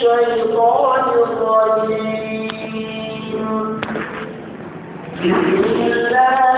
الشيطان الرجيم بسم الله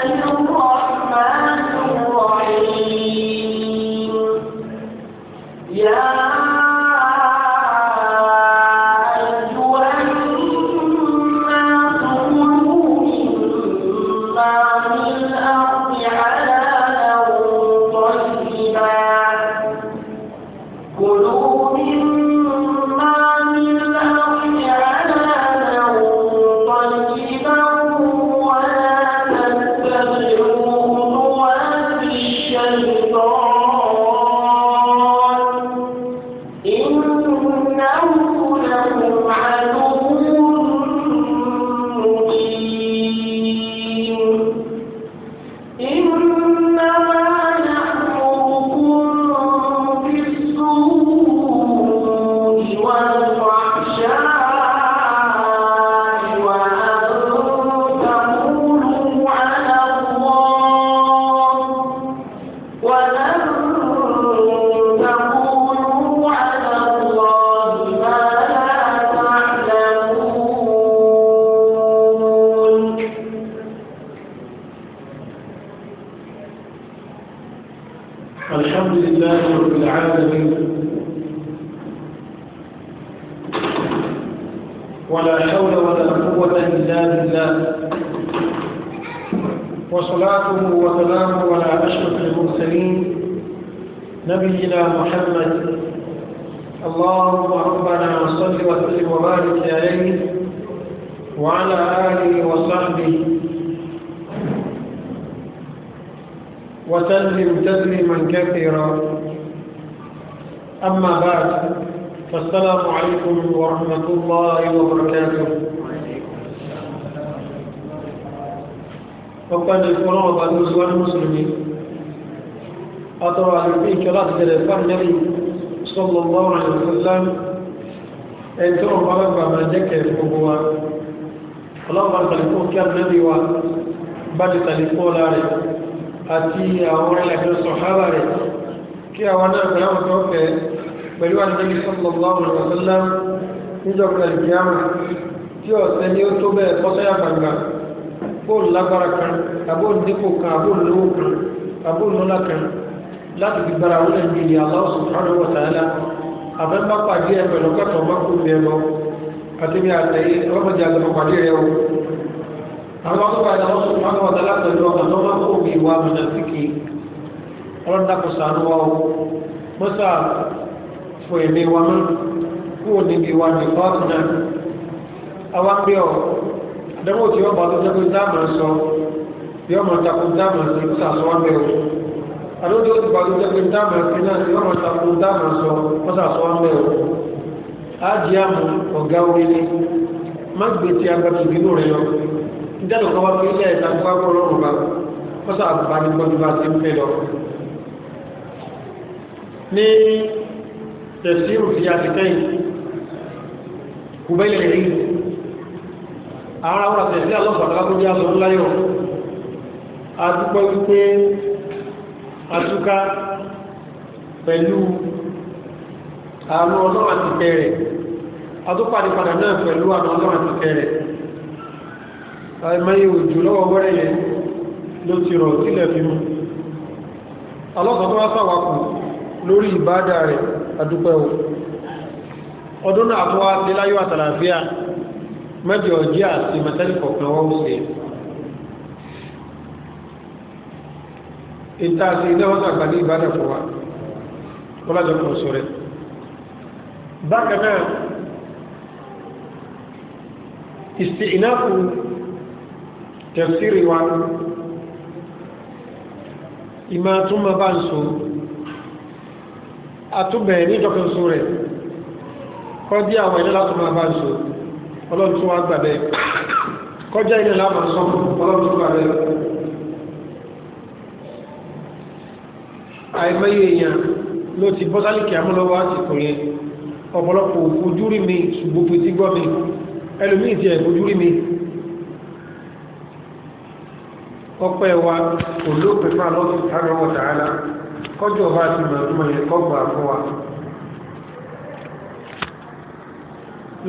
محمد اللهم ربنا صل وسلم وبارك عليه وعلى آله وصحبه وسلم تسليما كثيرا أما بعد فالسلام عليكم ورحمة الله وبركاته وقد القرآن بعد للمسلمين atọ́rọ àlùbí ìkẹ́ láti jẹ́lẹ̀ fáńdẹ́lì sallallahu alaihi wasallam ẹni tó wọn bá bá máa jẹ́ kẹ́ gbogbo wa ọlọ́run bá tàlẹ́kọ́ kí ànábì wa bá ti tàlẹ́kọ́ ọ̀la rẹ̀ àti àwọn ẹlẹ́gbẹ́ sọ̀hárà rẹ̀ kí àwọn náà pẹ̀lú àwọn tó fẹ́ pẹ̀lú ànábì sallallahu alaihi wasallam níjọba ìgbéyàwó tí ọ̀sẹ̀ ni ó tó bẹ́ẹ̀ kọ́sẹ́yà gbàgbà bóòlù lágbára kan àbóòlù dípò kan àbóòlù lówó kan àbóòlù lọ́lá kan láti fi gbára wọn lẹ́nu ìyá Allah subhanahu wa ta'ala àbẹ́mbà pàdé ẹ̀ pẹ̀lú kẹtọ̀ ọmọkùn mi ẹ̀mọ́ àti mi àtẹ̀yẹ ọlọ́mọdé àgbẹ̀mọ̀ pàdé rẹ̀ o. àwọn akọ́kọ́ àti àwọn subhanahu wa ta'ala pẹ̀lú ọmọ tó máa kó mi wá mọ̀nà síkì ọlọ́dàkọ̀ sànú wa o mọ́sà fò èmi wa mọ́ kúrò níbi wa ní fọ́ọ̀tù náà. àwa pé ọ àdánwò tí wọ́n bá àdójú ó ti pàdé jẹ́ pé dáàmà ẹ̀fí náà ti wọ́n ta kú dáàmà sọ wọ́n sà sọ ọ́nbẹ́ o ájì àmú ọ̀gá orílẹ̀ má gbé ti agbájú ìbínú rẹ̀ lọ ìdájọ́ kan wá pé ilé ẹ̀ta ń gbá kọ́ lọ́rùn bá wọ́n sà bá ní gbọ́dọ̀ bá ti ń fẹ́ lọ. ní tẹ̀síù ti a ti kẹ́yìn kùbẹ́lẹ̀ rí àwọn àwọn àtẹ̀sí àlọ́pàá tó jẹ́ àlọ́ ńlá yọ̀ àdúgbò wípé àtúká pẹ̀lú àwọn ọlọ́run àti tẹ̀rẹ̀ àtúpàdé padà náà pẹ̀lú àwọn ọlọ́run àti tẹ̀rẹ̀ àìmọye òjò lọ́wọ́ wẹ́rẹ́ yẹn ló ti rọ̀ sílẹ̀ fi mú alọ́sàn tó wá sàwákù lórí ìbádà rẹ̀ àdúpẹ́ o ọdún náà tó wá sí láyọ̀ àtàlàfíà mẹ́jọ jí àti mẹ́tẹ́lì kọ̀ọ̀kan wọ́n ó ṣe ìta àti ilé wọn àgbà ní ìbádà fún wa wọn lájọ kan sọ rẹ bákan náà ìsìnáfù tẹ̀síìrì wa ìmọ̀ àtúmọ̀ bá ń so àtúbẹ̀ níjọkan so rẹ̀ kọjá àwọn ilé láti máa bá ń so ọlọ́run tún wá gbà kọjá ilé láti sọ ọlọ́run tún gbà bẹ́ẹ̀. àìmọye èèyàn ló ti bọ́sálìkì amúlọ́wọ́ àsìkò yẹn ọ̀pọ̀lọpọ̀ òfojú rí mi ṣùgbọ́n fi ti gbọ́ mi ẹlòmíì ti ẹ̀fojú rí mi ọpẹ́ wa kò lópin fún àlọ́sùn táwọn ọ̀tá ara kọjọ bá ti mọ̀ ọdún yẹn kọ́ gbà fún wa.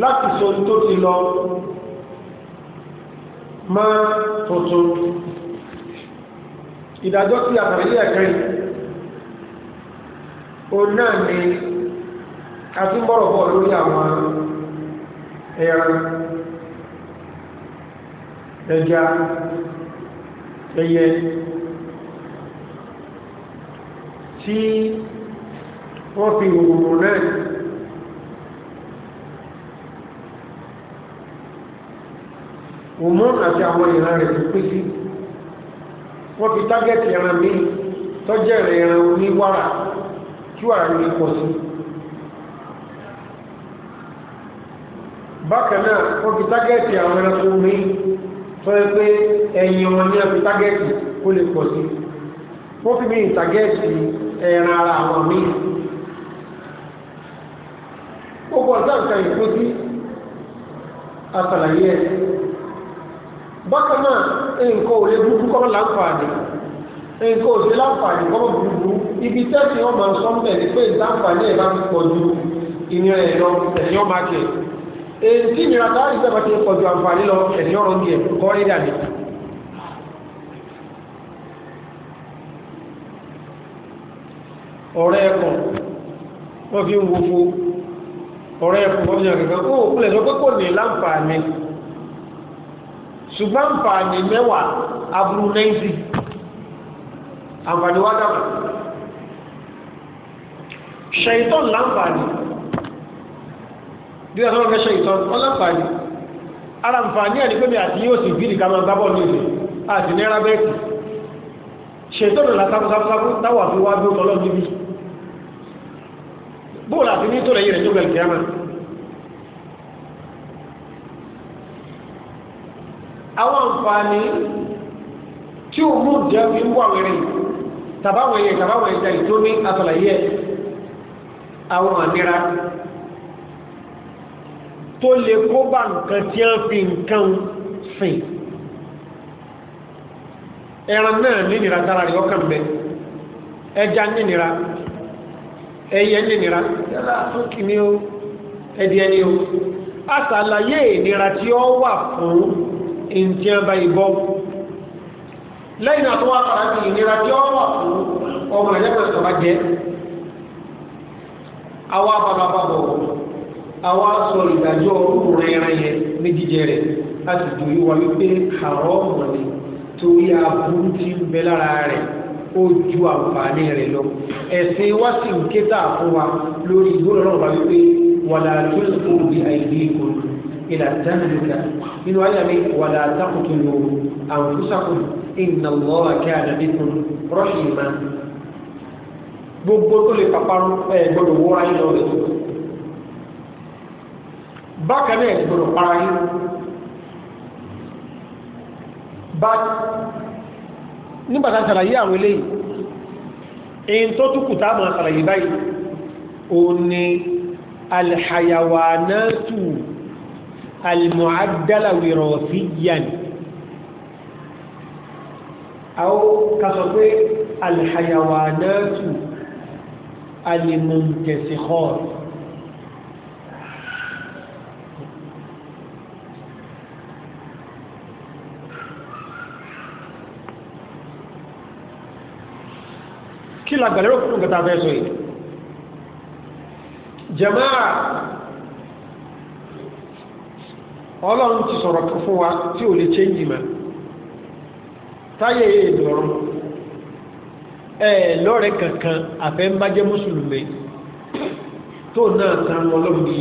láti sọ tó ti lọ máa tuntun ìdájọ́ sí àtàlẹ́yẹ̀ kan yìí òun náà ni àtúbọ̀rọ̀bọ̀ lórí àwọn ẹran ẹja ẹyẹ tí wọ́n fi òòrùn náà òmùn àti àwọn ìran rẹ̀ tó pé sí wọ́n fi tágẹ́tì ẹran míì tọ́jẹ́ ẹran oníwàrà tí wàá pọ̀ sí. bákan náà wọ́n fi tágẹ́ẹ̀tì àwọn sọ pé ẹ̀yìn wọn ní ẹ̀fi tágẹ́ẹ̀tì kó lè pọ̀ sí. wọ́n fi mí tágẹ́ẹ̀tì ẹran ara àwọn míì. gbogbo ọ̀sán kan ìfọ́sí àtàlàyé ẹ̀. bákan náà nǹkan ò lè kọ́ nǹkan òsè láǹfààní kọ́ burúkú ibi tẹ́sí wọn máa sọ mbẹ́ ni pé láǹfààní ẹ̀ bá ti pọ̀ ju ìnira ẹ̀ lọ ẹ̀yìn ọmọ akẹ́ èyí tí ìnira tá àyè sábà ti pọ̀ ju àǹfààní lọ ẹ̀yìn ọ̀rọ̀ ní ẹ̀ kọ́ rí dàbí. ọ̀rẹ́ ẹ̀kọ́ wọ́n fi ń wofo ọ̀rẹ́ ẹ̀kọ́ wọ́n fi ń kankan kó o kúlẹ̀ lọ pé kò ní láǹfààní ṣùgbọ́n àǹfààní mẹ́wàá àǹfààní wá dàgbà ṣèyítọ́n láǹfààní bí wọ́n fẹ́ ṣèyítọ́n wọ́n láǹfààní ara ǹfààní ẹ̀ ní pé mi àti yóò sì bí nìkan máa gbábọ̀ ní ìlú àti náírà bẹ́ẹ̀kì ṣèyítọ́n lọ́la sáfúsáfú táwà fi wá bí ó tọ́lọ́ níbi bóòlù àti ní tòlẹ̀ yìí rẹ̀ nígbà ìkẹ́yàmà àwọn àǹfààní tí ó mú jẹ́ fi ń wà wẹ̀rẹ̀ yìí tàbáwọn yẹn tàbáwọn yẹn jáde tó atola àtọ̀làyé àwọn ànira tó lè kó bá nǹkan tí wọ́n fi nǹkan sìn ẹran náà nínira tára rẹ̀ ọkàn bẹ ẹja nínira ẹyẹ nínira yálà fún kìíní o ẹdí ẹni o àtàlàyé ìnira tí ó fún ìǹtí ọba lẹ́yìn náà tó wá padà tí ọwọ́ fún ọmọ ẹ̀yẹ́ pẹ̀lú sọ̀rọ̀ jẹ́ àwa babababọ̀ àwa sọ ìdájọ́ orúkùnrin ẹran yẹn ní jíjẹ rẹ̀ láti dùn wá wípé haramu ni torí aburú ti ń bẹ lára rẹ̀ ó ju àǹfààní rẹ̀ lọ ẹ̀sìn wá sí ń ké tà fún wa lórí ìgbóná náà wá wípé wàlá tó ń kó bí àìdí ìkó ìlà tẹ́lifíkà nínú ayé mi wàlá tákùtù lò àǹfùsàkùnù inna Allaha kana bikum rahima gbogbo tó lè paparun ẹ gbọ́dọ̀ wọra yín lọ rẹ bákan náà ẹ gbọ́dọ̀ para yín bá nígbà tá a ṣàlàyé àwọn eléyìí èyí tó tún tá a máa ṣàlàyé báyìí òun ni alhayawanatu almu'addala wirasiyan. أو كسوكي الحيوانات المنتسخات kí la gbàlérò fún nǹkan tá a fẹ́ sọ yìí jamaa ọlọ́run ti sọ̀rọ̀ fún wa tí ò lè change mọ́ táyé ìdọ̀rùn ẹ̀ lọ́rẹ̀ kankan àfẹ́ ń bá jẹ́ mùsùlùmí tó náà kan wọn lóbi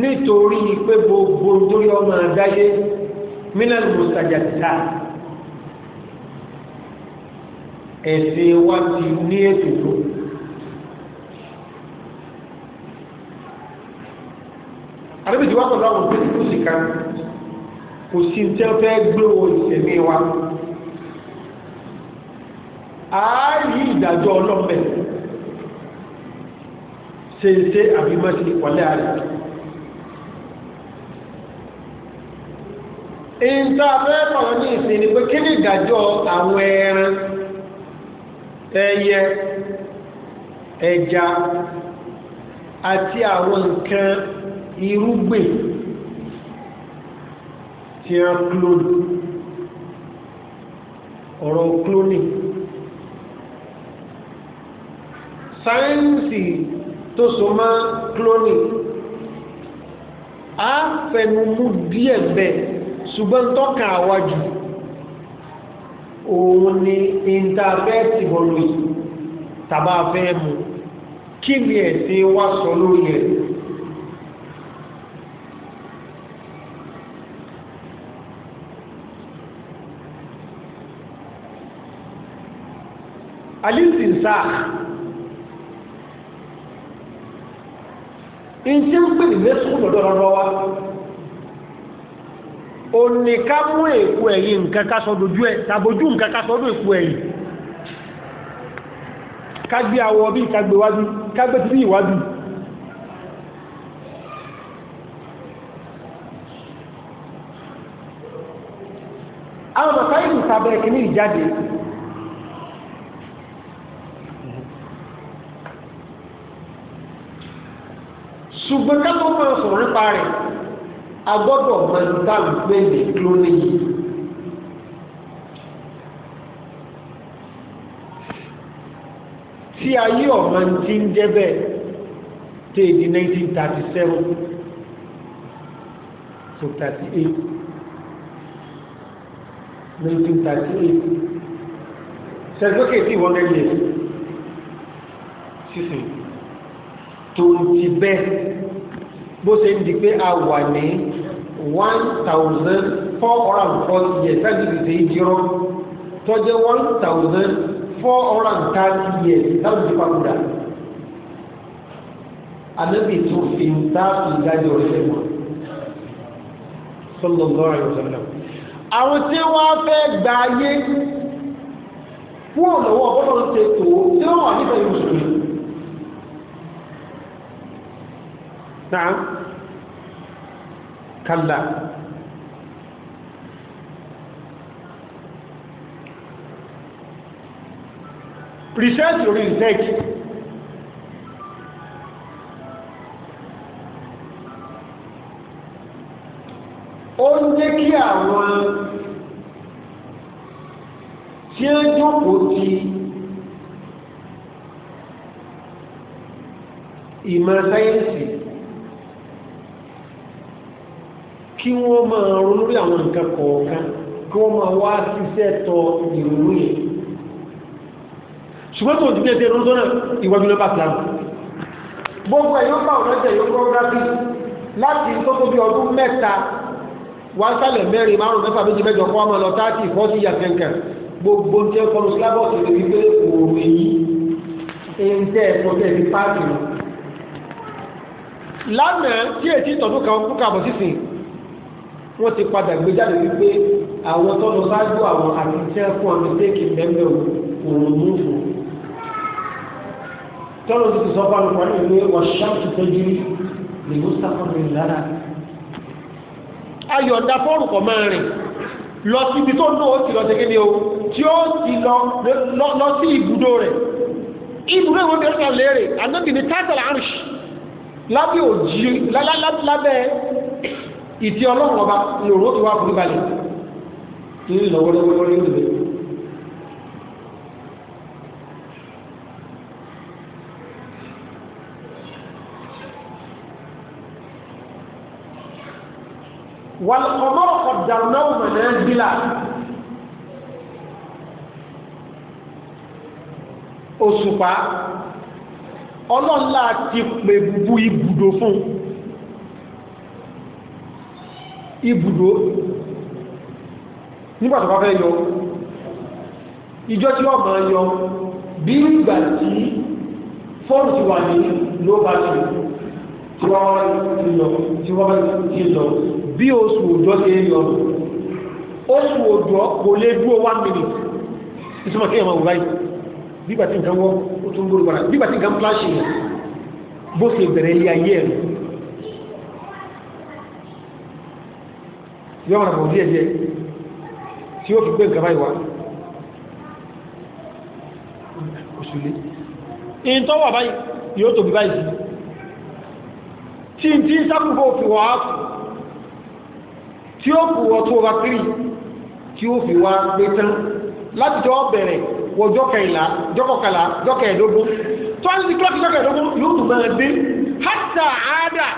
nítorí pé gbogbo nítorí ọmọ àdáyé mílíọ̀n mùsàjà tà ẹ̀sìn wa ti ní ètò tó. àdébìtì wà pẹ̀lú àwọn pẹ̀lú ìkànnì kò sí tí wọ́n fẹ́ gbé wo ìsẹ̀mí wa a yí ìdájọ́ ọlọ́mọbẹ̀ ṣe ń ṣe àbímọ́sí ìpọ̀lẹ́ àrẹ. ìta fẹ́ pọ̀lọ́ ní ìsìn ni pé kí ni ìdájọ́ àwọn ẹran ẹyẹ ẹja àti àwọn nǹkan irúgbìn tí a klónì ọ̀rọ̀ klónì sáyẹ́ǹsì tó so mọ́ klónì a fẹnu mú díẹ̀ bẹ́ẹ̀ ṣùgbọ́n tọ́ka àwájú òun ni intafẹ́ẹ̀tì bọ̀lù yìí tàbá fẹ́ mu kí ni ẹ̀sìn wá sọ lórí ẹ̀sìn. alintinsa njẹ́ ń pè ní mẹ́sùn lọ́dọ̀ lọ́dọ̀ wa òní ká mú èkó ẹ̀yìn nǹkan ká sọ dojú ẹ̀ tàbójú nǹkan ká sọ ọdún èkó ẹ̀yìn ká gbé awọ bí ká gbé wájú ká gbé títí ìwájú àwọn bàbá ṣùgbọ́n ká tó máa sọ̀rọ̀ nípa rẹ̀ a gbọ́dọ̀ máa ń dá ìgbé ní cloning yìí. tí ayé ọ̀mọ ti ń jẹ́ bẹ́ẹ̀ tó èdè 1937 1938 sẹ́gbẹ́kẹ̀ tí wọ́n lẹ́yìn sísìn tó ti bẹ́ẹ̀ bó ṣe ń di pé a wà ní one thousand four hundred and forty years láti fi ṣe ìjírọ́ tọ́jú one thousand four hundred and thirty years láti fi papòdà anabi tún fi ń dá ìdájọ́ rẹ̀ mọ́ sallallahu alaihi wasallam àwọn tí wọ́n fẹ́ gba ayé fún ọ̀nà wọn bọ́lá tí wọ́n wà nípa ìmùsùlùmí. نعم كلا research research ó ń jẹ́ kí àwọn tí ó jókòó ti ìmọ̀ sáyẹ́ǹsì kí wọ́n máa ronú lórí àwọn nǹkan kọ̀ọ̀kan kí wọ́n máa wá ṣiṣẹ́ tọ ìrònú yẹn ṣùgbọ́n tó ti tẹ́tẹ́ ronú sọ́nà ìwájú lọ́ba islam gbogbo ẹ̀ yóò bá ọ̀nà jẹ̀ yóò gọ́gráfì láti tó tó bí ọdún mẹ́ta wá sálẹ̀ mẹ́rin márùn mẹ́fà méjì mẹ́jọ kọ́ ọmọ lọ táàtì fọ́tì yà kẹ̀kẹ́ gbogbo ní ẹ̀kọ́ lọ sílábọ̀sì lè fi pé òòrùn èyí èyí tẹ́ ẹ̀kọ́ tẹ́ fi páàkì lọ. lánàá tí èsì ìtọ́jú kan kú kàbọ̀ sísìn wọ́n ti padà gbé jáde wípé àwọn tó lọ ṣáájú àwọn àti tí wọ́n fún àmì téèkì mẹ́mẹ́ òun mú fún tọ́lọ́ ti sọ fún àwọn ìwé wọ́n ṣáàtú tẹ́jú lèwọ́ sáfọ́nù ìlara. ayọ̀ ọ̀dà fọ́ọ̀rùkọ̀ máa rìn lọ síbi tó náà ó ti lọ segin ní o tí ó ti lọ sí ibùdó rẹ̀ ibùdó ìwé bẹ̀rẹ̀ sọ̀rọ̀ léèrè ànábì ní tátàlá àrùsì lábẹ́ òjì lábẹ́ ìtì ọlọ́run ọba lòrò tó wà fún balẹ̀ ní ìlọ́wọ́ lọ́wọ́ ní ìlú wàlùkọ́mọ́ ọ̀dàrúnáwó mọ̀nà bílà òṣùpá ọlọ́run láti pè bu ibùdó fún un ibùdó nígbà tó bá fẹ́ yọ ìjọ tí wọ́n máa yọ bí ìgbà tí fọ́ọ̀nù ti wà ní ló bá ti tí wọ́n bá ti yọ tí wọ́n bá ti yọ bí oṣù òjò ṣe ń yọ oṣù òjò kò lè dúró one minute ìtumọ̀ kí ẹ̀ máa wù báyìí bí ìgbà tí nǹkan wọ́ ó tún gbóòrò padà bí ìgbà tí nǹkan pláṣì bó ṣe bẹ̀rẹ̀ ilé ayé ẹ̀ yọ́ ọ̀rọ̀ díẹ̀ díẹ̀ tí ó fi gbé nǹkan báyìí wá òṣùlé in tó wà báyìí yóò tóbi báyìí sí tí tí sábùgbò fi wà á kù tí ó kù ọ̀tún ọba kiri tí ó fi wá gbé tán láti jọ bẹ̀rẹ̀ wọ jọ́kẹ̀ẹ́lá jọ́kọ̀kàlá jọ́kẹ̀ẹ́dógún tó ń di kílọ̀kì jọ́kẹ̀ẹ́dógún yóò tún bẹ̀rẹ̀ dé hátà àádà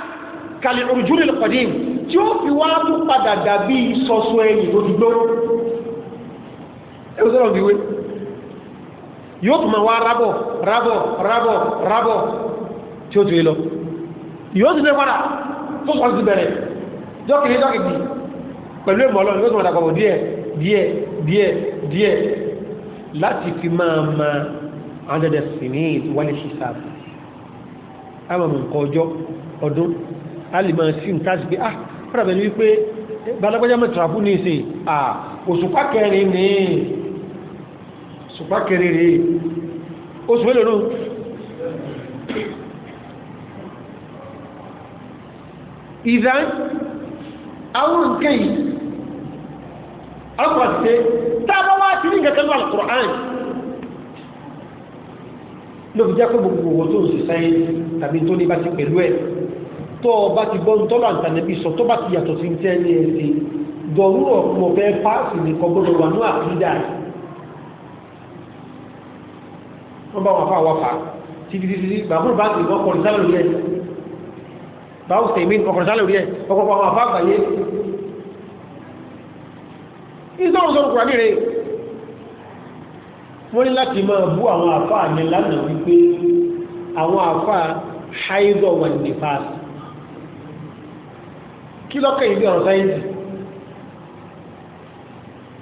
kàlẹ́ òrùjúlẹ̀ lọ́kọ̀dé tí ó fi wá tó padà dàbí sọ́sọ ẹ̀yìn tó ti gbó ẹ̀rọ sọ́rọ̀ ìwé yóò tún máa wá rábọ̀ rábọ̀ rábọ̀ rábọ̀ tí ó tún lọ yóò tún lè padà tó sọ́ọ́ ti bẹ̀rẹ̀ jọ́kìlì jọ́kìlì pẹ̀lú ìmọ̀ ọlọ́run yóò tún padà kọ̀wọ̀ díẹ̀ díẹ̀ díẹ̀ díẹ̀ láti fi máa ma adẹ́dẹ̀ sí ní ìwálé ọdún alìmọ̀ sí nǹkan pé ah fúnra bẹ̀rẹ̀ wípé balagbẹ́já mọ̀ tìrapù ní ìsìn ah òṣùpá kẹrin ní òṣùpá kẹrin rèé oṣù mélòó nù ìdá àwọn nǹkan yìí ọkọ̀ ṣe tábọ́ wá sí ní nǹkan lọ́wọ́ alukur'an lóbi jẹ́ pé gbogbo owó tó ń ṣe sáyẹ́nsì tàbí tó ní bá ti pẹ̀lú ẹ̀ tó o bá ti gbọ́ ń tọ́lọ̀ àtànẹ́bí sọ tó bá ti yàtọ̀ sí tẹ́ ní ẹ̀sìn dọ̀rúrọ̀ mọ̀ fẹ́ páàsì nìkan gbọ́dọ̀ wà ní àkídà wọ́n bá wọn fà wá fà títítítí bàbúrò bá ti gbọ́ kọ̀ọ̀dùsálò rí ẹ̀ báwo tèmi kọ̀ọ̀dùsálò rí ẹ̀ ọkọ̀ọ̀kọ̀ àwọn afá àgbáyé ìsọ̀rọ̀ sọ̀rọ̀ kùrà níre wọ́n ní láti máa bú àwọn afá àmì lánàá wípé àwọn afá haidọ̀ wà nífàásì kí lọ́kàn yìí bí ọ̀rọ̀ sáyẹ́ǹsì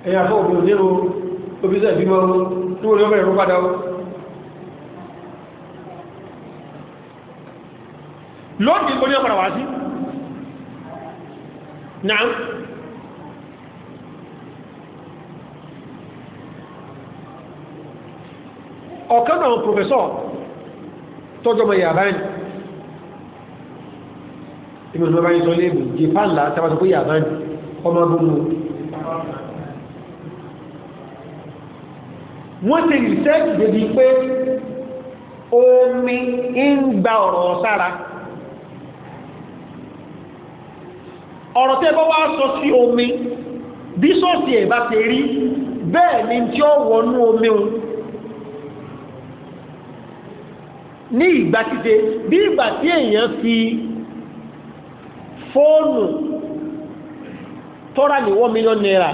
ẹ̀yà fún òbí òní o òbí sẹ́ẹ̀ bímọ o tó wọlé ọmọ ẹ̀rọ padà o. lónìí oní ọ̀padà wá sí náà ọ̀kan náà pòfẹ́sọ̀ tọ́jọ́ mọ̀ yàrá yìí tí mo sọ bá yín sọ léèmù japan là sábà sọ pé yàrá ni ọmọ gbogbo. wọ́n ti rìsẹ́ẹ̀tì débi pé omi ń gba ọ̀rọ̀ sára. ọ̀rọ̀ tẹ́ bá wá sọ sí omi bí sọ́ọ̀sì ẹ̀ bá ti rí bẹ́ẹ̀ ni tí ó wọnú omi òun ní ìgbà títe bí ìgbà tí èèyàn fi fóònù tọ́ra ní one million naira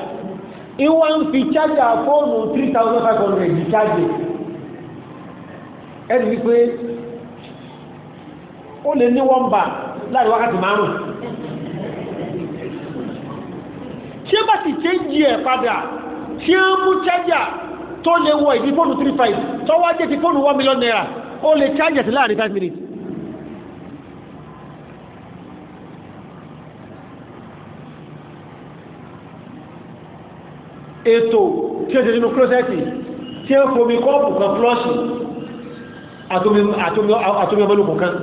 ìwọ́n ń fi chájà fóònù three thousand five hundred di chájì ẹni wípé ó lè ní wọ́n bà láàrin wákàtí márùn-ún tí ó bá sì chéńjì ẹ̀ padà tí ó mú chájà tó lè wọ ìdí fóònù three five tọ́wọ́ jẹ́ ti fóònù one million naira ó lè chájì ẹ̀ sí láàrin five minutes. ètò tí ó ṣe nínú klọ́sẹ̀tì tí ó fomi kọ́ọ̀pù kan flọ́ṣì àtomi ọmọlùkùn kan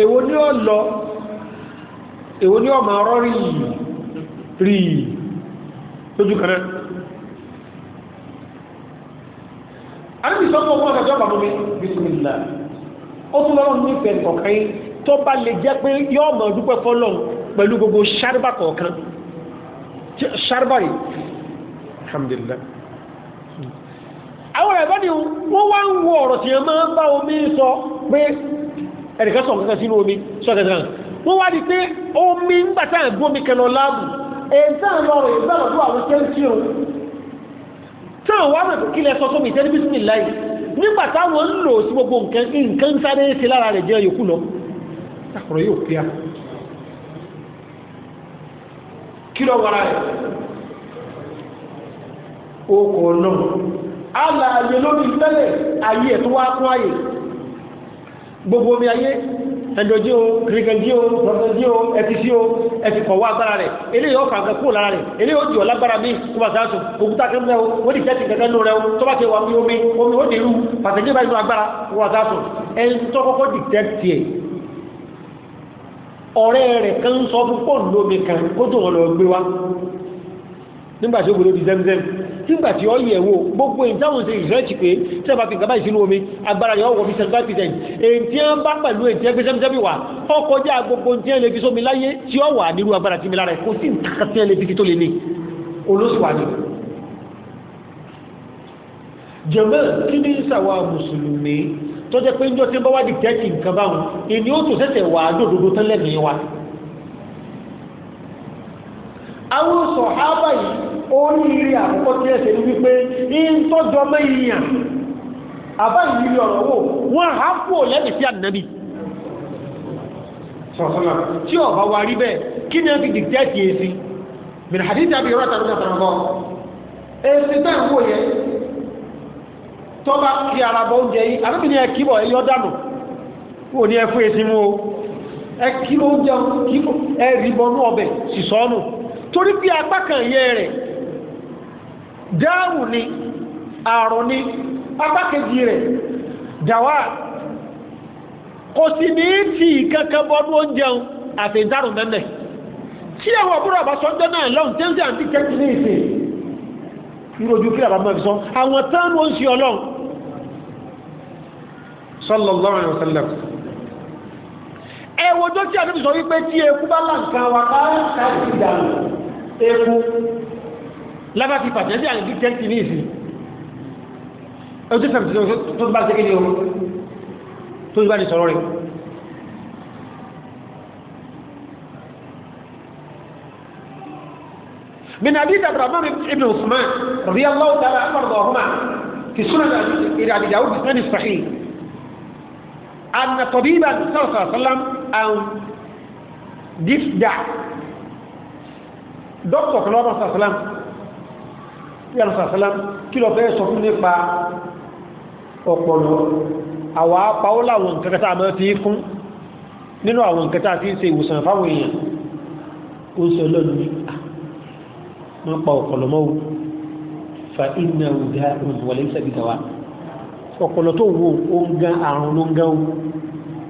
èwo ni ó lọ èwo ni ó ma rọ́ rí rí lójú kan náà àríbi sọ́kọ̀ ọmọ ọ̀gá jọba lómi bisimilá ó tún lọ́rọ̀ nífẹ̀ẹ́ nìkọ̀kan tó bá lè jẹ́ pé yọ́ ọmọ dúpẹ́ fọ́lọ́run pẹ̀lú gbogbo ṣáríbà kọ̀ọ̀kan ṣarbari alhamdulillah àwọn ẹ̀bá ni wọ́n wá ń wo ọ̀rọ̀ tí wọ́n máa ń bá omi sọ pé ẹnìkan sọ kankan sínú omi sọ kankan wọ́n wá di pé omi ń gbà táà gbó omi kẹlọ láàbù èyí lọ rẹ̀ ìgbà lọ́dọ̀ àwọn tẹ́ ń tí o táà wá rẹ̀ kí lẹ sọ sómi ìtẹ́ni bísí nìláì nígbà táwọn ń gbogbo nǹkan nǹkan sáré ṣe lára rẹ̀ jẹ́ yòókù lọ. àkọ̀rọ̀ yóò pé a. kí ló wara rẹ̀ o kò nù ala ayé lórí tẹ́lẹ̀ ayé ẹ̀ tó wá kún ayé gbogbo omi ayé ẹjọjí o kìrìkẹjí o rọ̀tẹjí o ẹtìsí o ẹtì kọ̀wọ́ agbára rẹ̀ eléyìí ó fàǹkà kúrò lára rẹ̀ eléyìí ó jù ọ lágbára mi kó bá sáà sùn òkúta kan bẹ́ẹ̀ o ó di kẹ́tì kẹ́kẹ́ nù rẹ̀ o tó bá ti wà mí omi omi ó di irú pàtẹ́jẹ́ bá inú agbára kó bá sáà sùn ẹni tó kọ́kọ́ dìtẹ́tì ẹ̀ ọ̀rẹ́ rẹ̀ kan sọ fún pọ́ùn lómi kan kó tó wọn lọ gbé wá nígbà tí ó gbòdó di zẹ́mzẹ́m nígbà tí ó yẹ̀ wò gbogbo èyí táwọn ṣe ìrẹ́tì pé tí a bá fi gàbá ìsinú omi agbára rẹ̀ ọwọ́ fi seventy percent èyí tí wọ́n bá pẹ̀lú èyí tí wọ́n fi zẹ́mzẹ́m wà ó kọjá gbogbo tí wọ́n lè fi sómi láyé tí ó wà nírú agbára tí mi lára ẹ̀ kò sí nǹkan tí wọ́n lè fi kí tó lè ní olóṣùwà ni. jẹ̀mọ́ kí ni sàwa mùsùlùmí tó jẹ́ pé njọ́ tí ń bá wá dìtẹ́tì nǹkan báwọn ìní ó tún wà wa. àwọn sọ̀hábà yìí oríire àkọ́kọ́ tí ẹ ní wípé ń tọ́jọ́ mẹ́yìnyàn àbá ìrírí ọ̀rọ̀ wò wọ́n á kú ò sí ànábì tí wa rí bẹ́ẹ̀ kí ni a ti dìtẹ́tì èsì mìíràn àdìsí àbí ìrọ̀tà ló ń tẹ̀sán tọ́ba kí ara bọ́ oúnjẹ yìí àbí ní ẹkí bọ̀ ẹyọ dànù kò ní ẹfún èsì mú o ẹkí oúnjẹ kí ẹrì bọnú ọbẹ̀ sísọ́nù torí bí apá kan yẹ rẹ̀ dáhùn ni àrùn ni apá kejì rẹ̀ dàwà kò sì ní tì kankan bọnú oúnjẹ àti ìdárùn mẹ́mẹ́ tí àwọn àbúrò àbáṣọ́jọ́ náà lọ́hùn tẹ́ńtì àti kẹ́kì ní ìsìn ìrojú fílà bàbá fi sọ àwọn tánú ó ń ṣe ọlọ́run sallallahu alaihi wasallam ẹwọ tó tí àdébì sọ wípé tí eku bá láǹkan wa ká sì dànù eku lábá ti pàtẹ́ sí àyẹ̀dí tẹ́ǹtì ní ìsìn ojú fẹ̀mí tó bá ṣe kéde ohun tó bá ní sọ̀rọ̀ rẹ̀ من حديث عبد الرحمن بن عثمان رضي الله تعالى عنه وارضاهما في سنة ابي داود بسنان الصحيح ان طبيبا صلى الله عليه وسلم ان دفدع دكتور كلام صلى الله عليه وسلم يا رسول الله كيلو فيه سوف نفا ọpọlọ àwa apáwọ́ láwọn nǹkan kẹta àmọ́ ti fún nínú àwọn nǹkan tá a ti ń máa ń pa ọ̀pọ̀lọ́ mọ́ o fa iná ọ̀dà ìwọ̀lẹ́ ìṣẹ́bí tàwa ọ̀pọ̀lọ́ tó wo ó ń gan àrùn ló ń gan o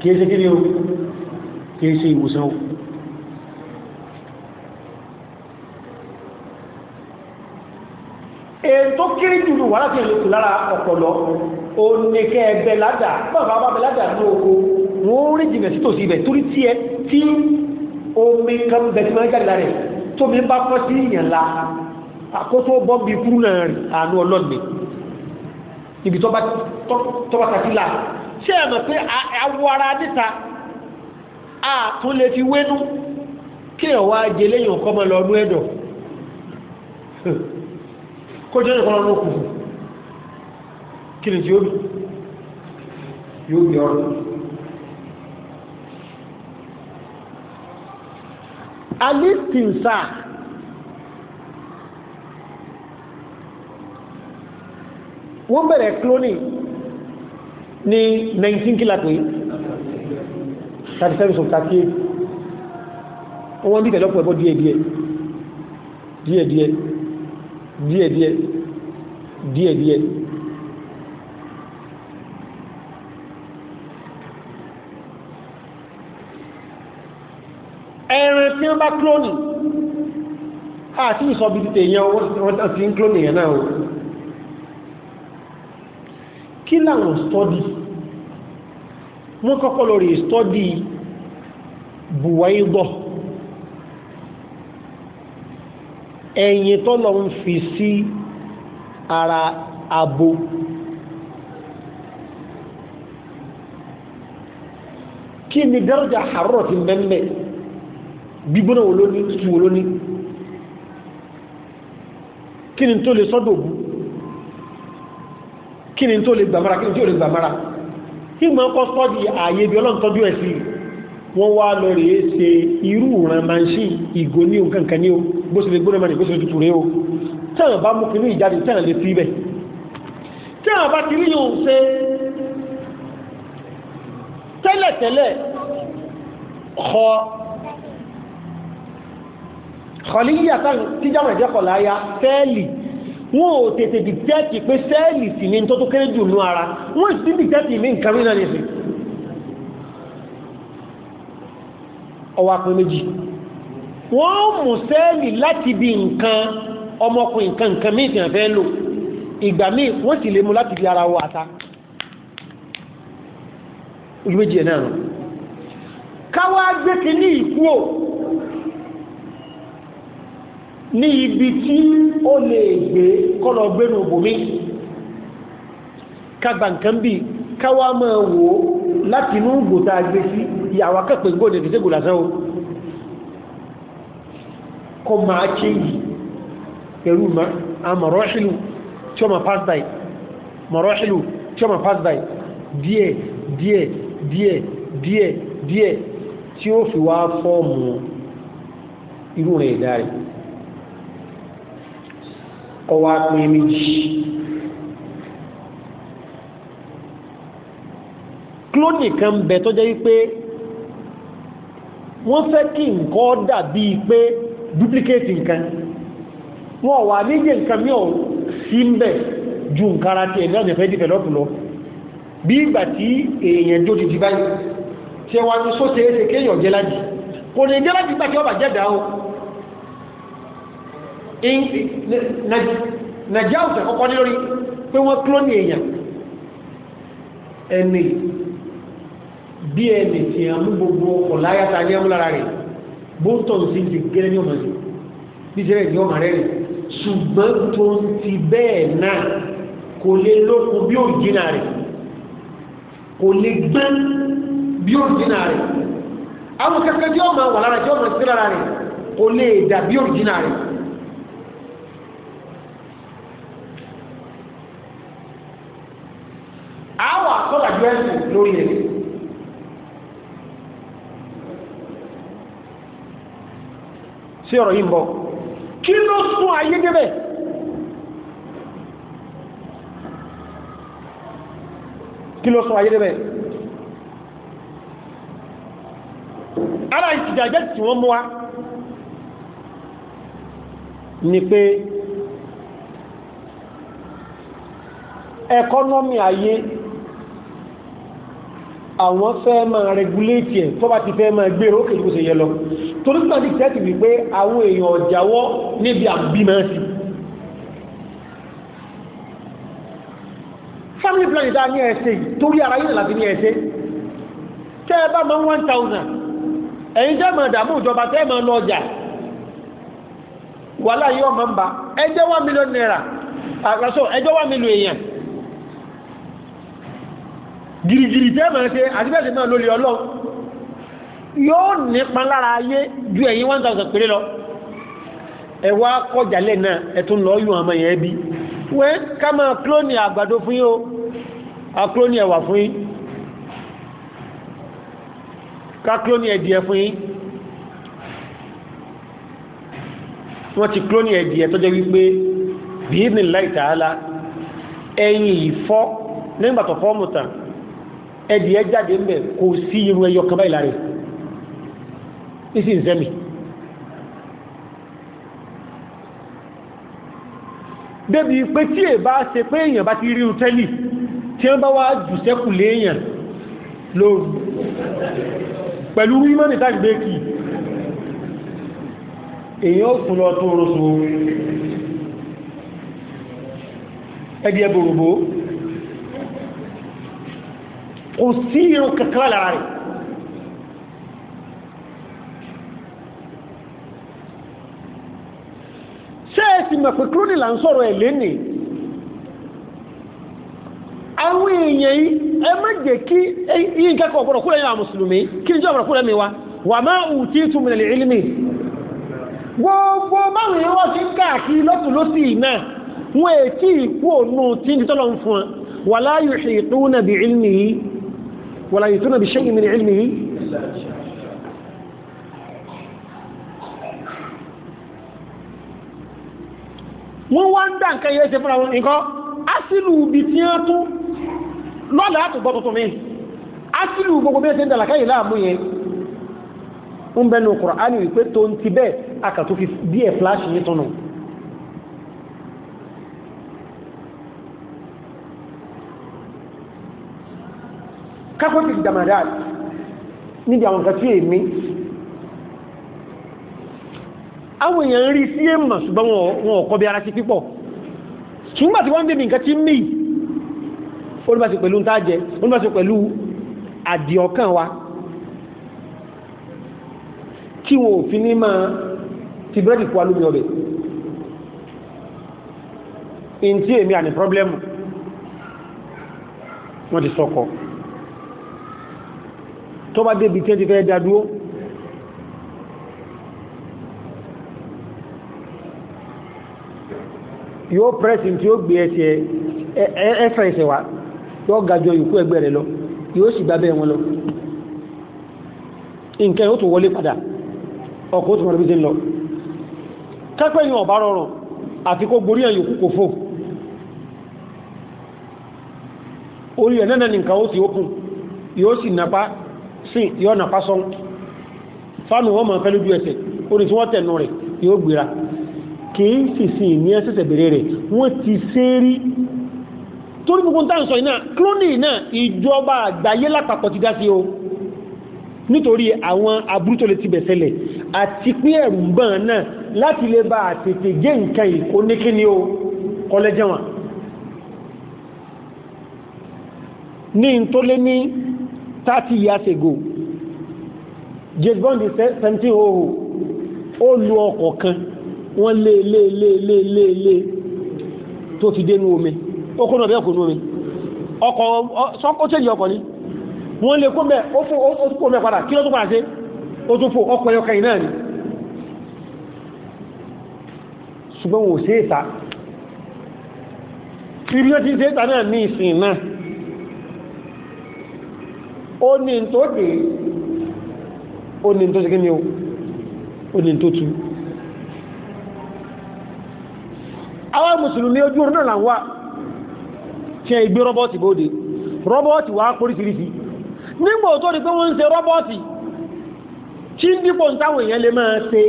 kìí ṣe kíni o kìí ṣe ìwòsàn o. omi kan bẹ̀ tí jáde lára ẹ̀ tómi bá fọ́ sí ìyàn la àkóso bọ́m̀bì kúrú náà rìn àánú ọlọ́ọ̀ni ibi tọ́ba kàtí la ṣé ẹ mọ̀ pé awọ ara níta a tún lè fi wénú kí ẹ̀ wá jẹ lẹ́yìn ọkọ mọ́ lọ́nú ẹ̀dọ̀ kójọ́ nìkan lọ́nà òkùnkùn kí ni tí yóò bí ọ̀rọ̀ alistinsa wọ́n bẹ̀rẹ̀ cloning ní 19 kila pé 37 of 38 wọ́n dìtẹ̀ lọ́pọ̀ ẹ̀bọ́ díẹ̀díẹ̀ díẹ̀díẹ̀ díẹ̀díẹ̀ díẹ̀díẹ̀ ẹ̀yàn bá klónì àti ìsọ̀bí ti tèèyàn wọ́n ti ń klónì yẹn náà o kí làwọn stọ́dì wọ́n kọ́kọ́ lórí stọ́dì buwaidọ̀ ẹ̀yìn tọ́lọ ń fi sí ara abo kí ni dẹ́rọ̀jà àárọ̀ ti mẹ́mẹ́ gbígbóná wo ló ní tútù wo ló ní kí ni tó lè sọ́dọ̀ bú kí ni tó lè gbàmára kí ni tó lè gbàmára kí ni wọ́n kọ́ sọ́dì ààyè ibi ọlọ́run tọ́jú ẹ̀ sí wọ́n wá lọ rèé ṣe irú ìran manṣí ìgò ní nǹkan ní o bó ṣe o tẹ́wọ̀n bá mú kínú ìjáde kọ̀líyà tíjàmọ̀ ìjẹ́ ya sẹ́ẹ̀lì wọn ò tètè dìtẹ́ẹ̀tì pé sẹ́ẹ̀lì sì ni tó tó kéré jù nú ara wọn sì dìtẹ́ẹ̀tì mí nǹkan rí náà ní ìsìn ọwọ́ apẹ méjì wọ́n mú sẹ́ẹ̀lì láti bí nǹkan ọmọkùnrin nǹkan nǹkan míì tìǹà fẹ́ lò ìgbà míì wọ́n sì lè mú láti bí ara wọ ata ojú méjì ẹ̀ náà káwá gbé kínní ìkú o ní ibi tí ó lè gbé kọ́lọ̀ gbénu bòmí kagbà nǹkan bíi káwá máa wò ó láti inú gbòta gbé sí ìyàwó akẹ́pẹ̀ ńgò nìkìtì gò lásán o kọ́ máa ṣe yìí pẹ̀lú àmọ̀rọ́ṣìlù tí ó máa pass by tí ó máa pass díẹ̀ díẹ̀ díẹ̀ díẹ̀ díẹ̀ tí ó fi wá fọ́ọ̀mù irú rẹ̀ dáre ọwọ́ apin méjì. klónì kan bẹ tó jẹ́ wípé wọ́n fẹ́ kí nǹkan dàbí pé duplicate nǹkan wọ́n wà níjẹ̀ nǹkan mí ò sí ń bẹ̀ ju nǹkan ara tiẹ̀ náà nìfẹ́ develop lọ bí ìgbà tí èèyàn jó ti di báyìí tí ẹ wá ní sóṣe é ṣe kéèyàn jẹ́ láti kò ní jẹ́ láti gbà kí ọba jẹ́dá o nàìjíríà ọ̀sẹ̀ kọ́kọ́ ní lórí pé wọ́n kúrò ní èèyàn ẹni bí ẹni tí a mú gbogbo ọkọ̀ láyàtà ní ẹmúlára rẹ̀ bóńtọ̀n sí ti gẹ́rẹ́ ní ọmọ rẹ̀ bí sẹ́rẹ̀ ní ọmọ rẹ̀ rẹ̀ ṣùgbọ́n tó ń ti bẹ́ẹ̀ náà kò lè lókun bí òjìnà rẹ̀ kò lè gbọ́n bí òjìnà rẹ̀ àwọn kẹ́kẹ́ tí ọmọ wà lára tí ọmọ sí lára rẹ̀ kò lè dà bí òjìnà rẹ̀ ẹ̀sìn lórí ẹ̀. sí ọ̀rọ̀ yìí ń bọ̀ kí ló sún ayé débẹ̀ kí ló sún ayé débẹ̀ ara ìtìjàjẹ́ tí wọ́n mú wa ni pé ẹkọ́nọ́mì ayé àwọn fẹ́ máa regulate ẹ̀ tó bá ti fẹ́ máa gbèrò ó kéjì kó ṣe yẹ lọ torí pé àti tẹ́tì wípé àwọn èèyàn ọ̀jáwọ́ níbi àbí máa sí. family planning dá ní ẹsẹ̀ torí ara yìí láti ní ẹsẹ̀ tẹ́ ẹ bá máa one thousand ẹ̀yin jẹ́ máa dààmú ìjọba tẹ́ ẹ máa lọ ọjà wàhálà yìí ọmọ ń bá ẹjẹ́ one million naira àgbàsọ ẹjẹ́ one million èèyàn gìrìgìrì tẹ́ máa ṣe àti bẹ́ẹ̀ sì máa lólè ọlọ́run yóò nípa lára ayé ju ẹ̀yìn one thousand péré lọ ẹ wá kọjálẹ̀ náà ẹ tún lọ yùn àmọ́ yẹn bí wẹ́ ká máa kúlónì àgbàdo fún yín o àkúlónì ẹ̀wà fún yín ká kúlónì ẹ̀dìẹ fún yín wọ́n ti kúlónì ẹ̀dìẹ tó jẹ́ wípé bíi ní láì tààlà ẹ̀yìn ìfọ́ nígbà tó fọ́ mùtàn ẹdì ẹ jáde ń bẹ kò sí irun ẹyọ kan báyìí lára ẹ sì ń sẹ́mi. débi pé tí èèbá ṣe pé èèyàn bá ti rí irun tẹ́lì tí wọ́n bá wá jù sẹ́kù léèyàn lóru pẹ̀lú rímọ́ ní kì èèyàn ó fún lọ tó rọ́sùn ẹdí ẹ bòròbó kò sí irun kankan lára rẹ̀ ṣé ẹ sì mọ̀ pé kúrónì là ń sọ̀rọ̀ ẹ̀ lénìí àwọn èèyàn yìí ẹ má jẹ́ kí yín kẹ́kọ̀ọ́ ọ̀pọ̀lọpọ̀ kúrò yín àwọn mùsùlùmí kí ní jẹ́ ọ̀pọ̀lọpọ̀ kúrò mi wa wà má ń tí ń tọ́lọ́ fún wọn wà láyò ولا يتون بشيء من علمه wọ́n wá ń dá nǹkan yẹ́ ṣe fúnra wọn nǹkan asìlù ibi tí wọ́n tún lọ́lá àtúgbọ́ tuntun mi asìlù gbogbo bẹ́ẹ̀ ṣe ń dàlàkà yìí láàmú yẹn ń bẹnu Kùránì wípé tó ń ti bẹ́ẹ̀ akàtúnfi díẹ̀ fúláṣì yìí kápẹ́ ti dàmàdà níbi àwọn nǹkan tí èmi àwọn èèyàn rí sí èèmà ṣùgbọ́n wọn ọ̀kọ́ bí ara sí pípọ̀ ṣùgbọ́n tí wọ́n ń bèbè nǹkan tí mí olùbàṣe pẹ̀lú ń tàjẹ́ olùbàṣe pẹ̀lú àdìọ̀kàn wa kí wọn ò fi ní máa ti búrẹ́dì kó alómi ọbẹ̀ in tí èmi àní pọ́blẹ́mù wọ́n ti sọkọ̀ọ́ tó bá débi tí ẹ ti fẹ́ dá dúró yóò pẹ́sìn tí ó gbé ẹsẹ̀ ẹ̀fẹ̀ ẹsẹ̀ wá yóò gajọ ìkú ẹgbẹ́ rẹ lọ yóò sì gbá bẹ́ẹ̀ wọn lọ nǹkan yóò tún wọlé padà ọkọ̀ tó mọ̀ níbi tí ń lọ kápẹ́ yìí ọ̀bá rọrùn àti kó gborí ẹ̀yìn òkú kò fò orí ẹ̀ náà nìkan ó sì ókun yóò sì napá sí yóò nà fásán fánù wọn máa fẹ́ lójú ẹsẹ̀ orí tí wọ́n tẹ̀nu rẹ̀ yóò gbéra kìí sì sí ní ẹsẹ̀sẹ̀ bèrè rẹ̀ wọ́n ti ṣe rí torí gbogbo tá à ń sọ iná klónì náà ìjọba àgbáyé lápapọ̀ ti dá sí o nítorí àwọn aburú lè ti bẹ̀ ṣẹlẹ̀ àti pé ẹ̀rù ń bọ̀ náà láti lè bá àtètè gé nǹkan ìkó ní kíni o kọ́lẹ́jẹ̀ wọn ní ní thirty years ago James Bond seventeen oh oh ó lu ọkọ̀ kan wọ́n lé lé lé lé lé lé tó fi dé nu omi ó kó náà bẹ́ẹ̀ kó nu omi ọkọ̀ ó tẹ̀lé ọkọ̀ ni wọ́n lè kó mẹ́ ó tún kó mẹ́ padà kí ló tún padà ṣe ó tún fò ọkọ̀ ẹyọkọ̀ yìí náà ni ṣùgbọ́n wò sí ìta ibi ó ti ń ṣe ìta náà ní ìsìn náà ó ní tó dé ó ní tó ṣe kí ó ní tó tu àwọn mùsùlùmí ojú orin náà là ń wá tí ẹ gbé rọ́bọ́ọ̀tì bóde rọ́bọ́ọ̀tì wà póríṣiríṣi nígbà tó di pé wọ́n ń se rọ́bọ́ọ̀tì tí ń dípò ń táwọn èèyàn lè máa ṣe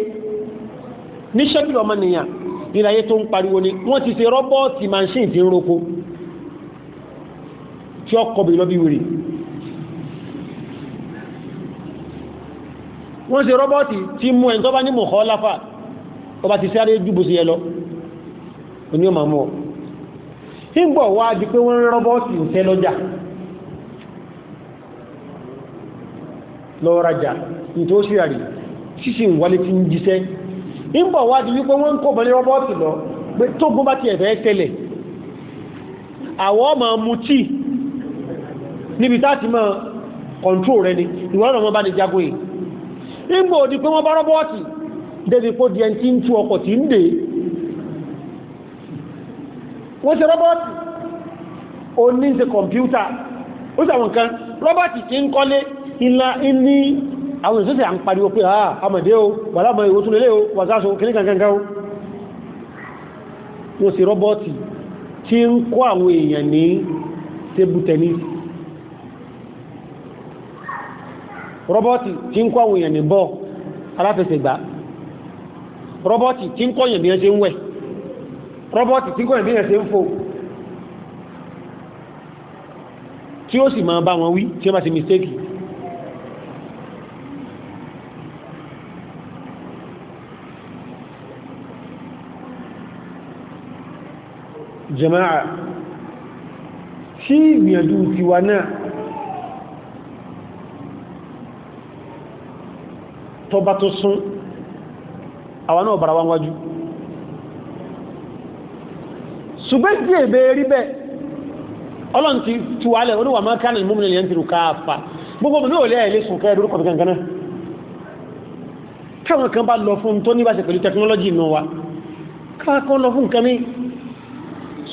ní ṣẹ́bí ọmọnìyàn níláyé tó ń pariwo ni wọ́n ti ṣe rọ́bọ́ọ̀tì machine ti ń roko tí ọkọ̀ wọ́n ṣe rọ́bọ́ọ̀tì tí mú ẹni tó bá ní mọ̀kọ́ láfà ó bá ti sáré ju bó ṣe yẹ lọ oní ọmọ mọ́ tí ń bọ̀ wá di pé wọ́n rọ́bọ́ọ̀tì ń tẹ́ lọ́rajà ní tó ṣe àrí sísì ń wálé tí ń jíṣẹ́ ń bọ̀ wá di wípé wọ́n ń kọ́ rọ́bọ́ọ̀tì lọ pé tó gún bá ti ẹ̀fẹ́ tẹ́lẹ̀ àwọ̀ ọmọ mu tí níbi táti mọ́ kọ̀ǹtró rẹ ni ìwọ́n náà mọ́ bá ní jago nígbà òdì pé wọ́n bá rọ́bọ́ọ̀tì débi kó di ẹni tí ń tú ọkọ̀ tí ń dè wọ́n ṣe rọ́bọ́ọ̀tì ó ní ṣe kọ̀mpútà ó sàwọn nǹkan rọ́bọ́ọ̀tì tí ń kọ́lé ilá ní àwọn ìṣẹ́sẹ̀ à pé àà ah, amọ̀dé o wà láàmọ̀ rọ́bọ́tì tí ń kọ́ àwọn èèyàn ní bọ́ aláfẹsẹ̀gbá rọ́bọ́tì tí ń kọ́ èèyàn bí ẹ ṣe ń wẹ̀ rọ́bọ́tì tí ń kọ́ èèyàn bí ẹ ń fò tí ó sì máa bá wọn wí tí ó bá ṣe mistake jama'a sí ìgbìyànjú tiwa náà tó bá tó sún àwọn náà bara wá wájú ṣùgbọ́n tí èbè rí bẹ́ẹ̀ ọlọ́run ti tu alẹ̀ oníwà máa kánà ìmúmi lẹ́yìn tìrù káàfà gbogbo mi náà lẹ́yìn lẹ́sùn kẹ́ ẹ̀dúrú kọ̀ọ̀kan kan náà káwọn kan bá lọ fún tó níbàṣẹ pẹ̀lú tẹkinọ́lọ́jì inú wa káàkan lọ fún nǹkan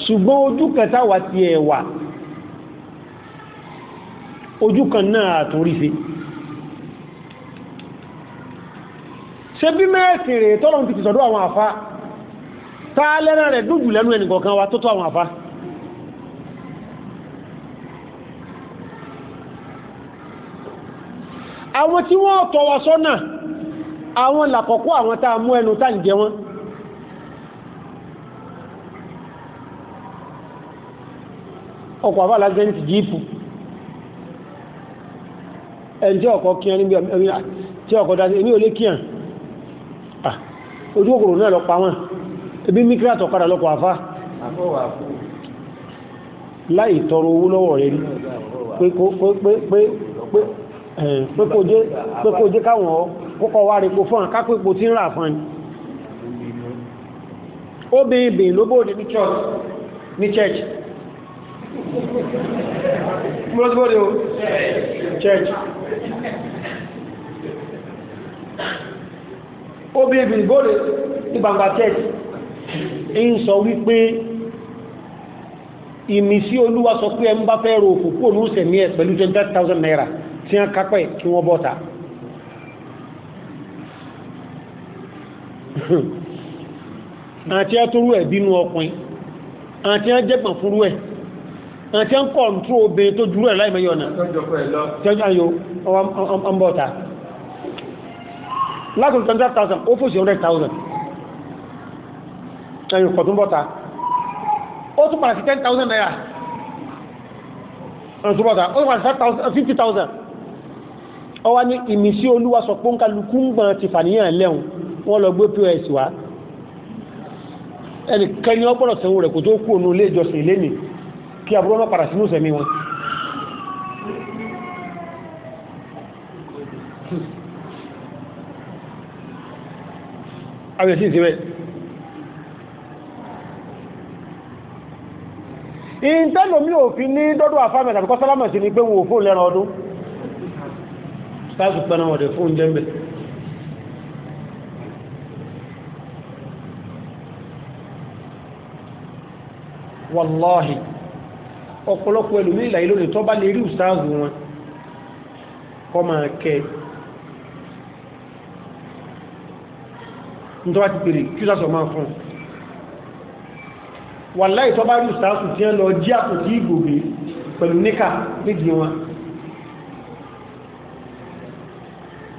ṣùgbọ́n ojú kẹta wà tiẹ̀ wà ojú kan náà àtúnrí fi ṣé bí mẹ́ẹ̀sì rèé tọ́lọ́run ti fi sọ̀dọ̀ àwọn àfa tá a lẹ́rẹ̀ rẹ̀ dùn jù lẹ́nu ẹnìkọ̀ọ̀kan wa tó tó àwọn àfa àwọn tí wọ́n tọ́ wa sọ́nà àwọn làkọ̀kọ́ àwọn tá a mú ẹnu tá ń jẹ wọn ọkọ̀ àbá alágbẹ́ni ti jíìpù ẹni tí ọkọ̀ kí ẹni bí ọkọ̀ dá sí ò lè kí ẹni Ah, ojú kòkòrò náà lọ pa wọn ebi mikra tọ̀kadà lọ́kọ̀ àfá láì tọrọ owó lọ́wọ́ rẹ̀ rí pé kó jẹ́ káwọn kókọ̀ wá rí fún tí ń rà fún ó ní church ní church obìnrin bìbóre ní gbangba church ń sọ wípé ìmísí olúwa sọ pé ẹ ń bá fẹ́ ro òkú kúrò ní ìsẹ̀mí ẹ̀ pẹ̀lú twenty thousand naira tí wọ́n kápẹ́ kí wọ́n bọ́ ta. àti ẹtúrú ẹ̀ bínú ọkùnrin àti ẹjẹ́gbọ̀n fúrú ẹ̀ àti ẹ̀ńkọ̀ọ̀ntró obìnrin tó dúró ẹ̀ láì mẹ́yọ̀nà tọ́jọ́ ayò ọmọ ọ̀tá látò twenty five thousand ó fòsì hundred thousand ẹ̀yìn pọ̀ tó ń bọ̀ ta ó tún padà sí ten thousand naira ẹ̀yìn tó bọ̀ ta ó tún padà sí fifty thousand ó wá ní ìmísí olúwa sọ pé ń kálukú ń gbọ̀n ti fàníyàn lẹ́hùn wọ́n lọ gbé pọ́s wá ẹnìkan ni wọ́n gbọ́dọ̀ sanwó rẹ̀ kó tó kú ònú ilé ìjọsìn lẹ́nìí kí aburú má padà sínú sẹ̀mí wọn. àwọn èsì ìsinmi ìtẹ́lòmí òfin ní dọ́dọ̀ àfáàmì àtàbíkọ́ sálámà sí ni pé wò fún lẹ́ran ọdún sáàsù pẹ́nà wọ̀dẹ̀ fún jẹ́mbẹ̀ wàláhì ọ̀pọ̀lọpọ̀ ẹlòmí ìlàyé lónìí tó bá lè rí ìsáàsù wọn kọ́ máa kẹ́ẹ̀ nítorí wá ti pèrè kí sọ́sọ̀ máa fún un wàláì tó bá rí ìsáàsù tí ẹ lọ jí àpòtí ìgbògbé pẹ̀lú níkà nídìí wọn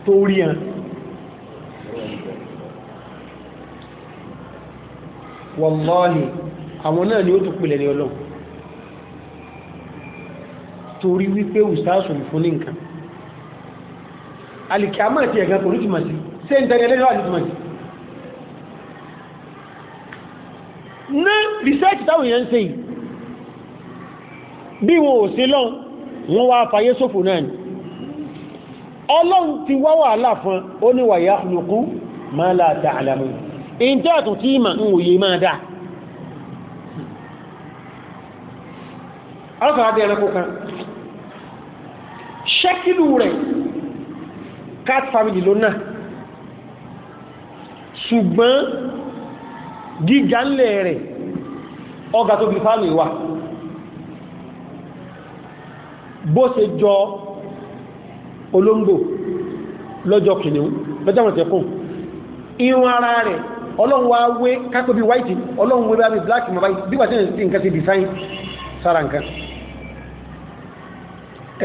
tó rí hàn wàláì àwọn náà ni ó tó pilẹ̀ ní ọlọ́run torí wípé ìsáàsù fún ní nǹkan alìkí àmọ́ àti ẹ̀gá kò ní tìmọ̀ sí sẹ́ńtẹ́rì àti tìmọ̀ sí ní research táwọn èèyàn ń ṣe yìí bí wọn ò sí lọ́n wọn wá fàyè sófò náà ni ọlọ́run ti wá wàhálà fún ó ní wàyà lùkú máa là dá àlàmù ìjọ àtún tí mà ń wòye máa dà ọkọ̀ abẹ́ ẹranko kan ṣẹ́kìlù rẹ̀ cat family ló ṣùgbọ́n gíga ńlẹ̀ rẹ̀ ọgá tó bí fáàlì wà bó ṣe jọ olóńgbò lọ́jọ́ kìnìún lọ́jọ́ àwọn tẹ̀kùn irun ara rẹ̀ ọlọ́run wa wé kápẹ́ bí white ọlọ́run wé bí black mọ̀ báyìí bí wàtí nǹkan ti design sára nǹkan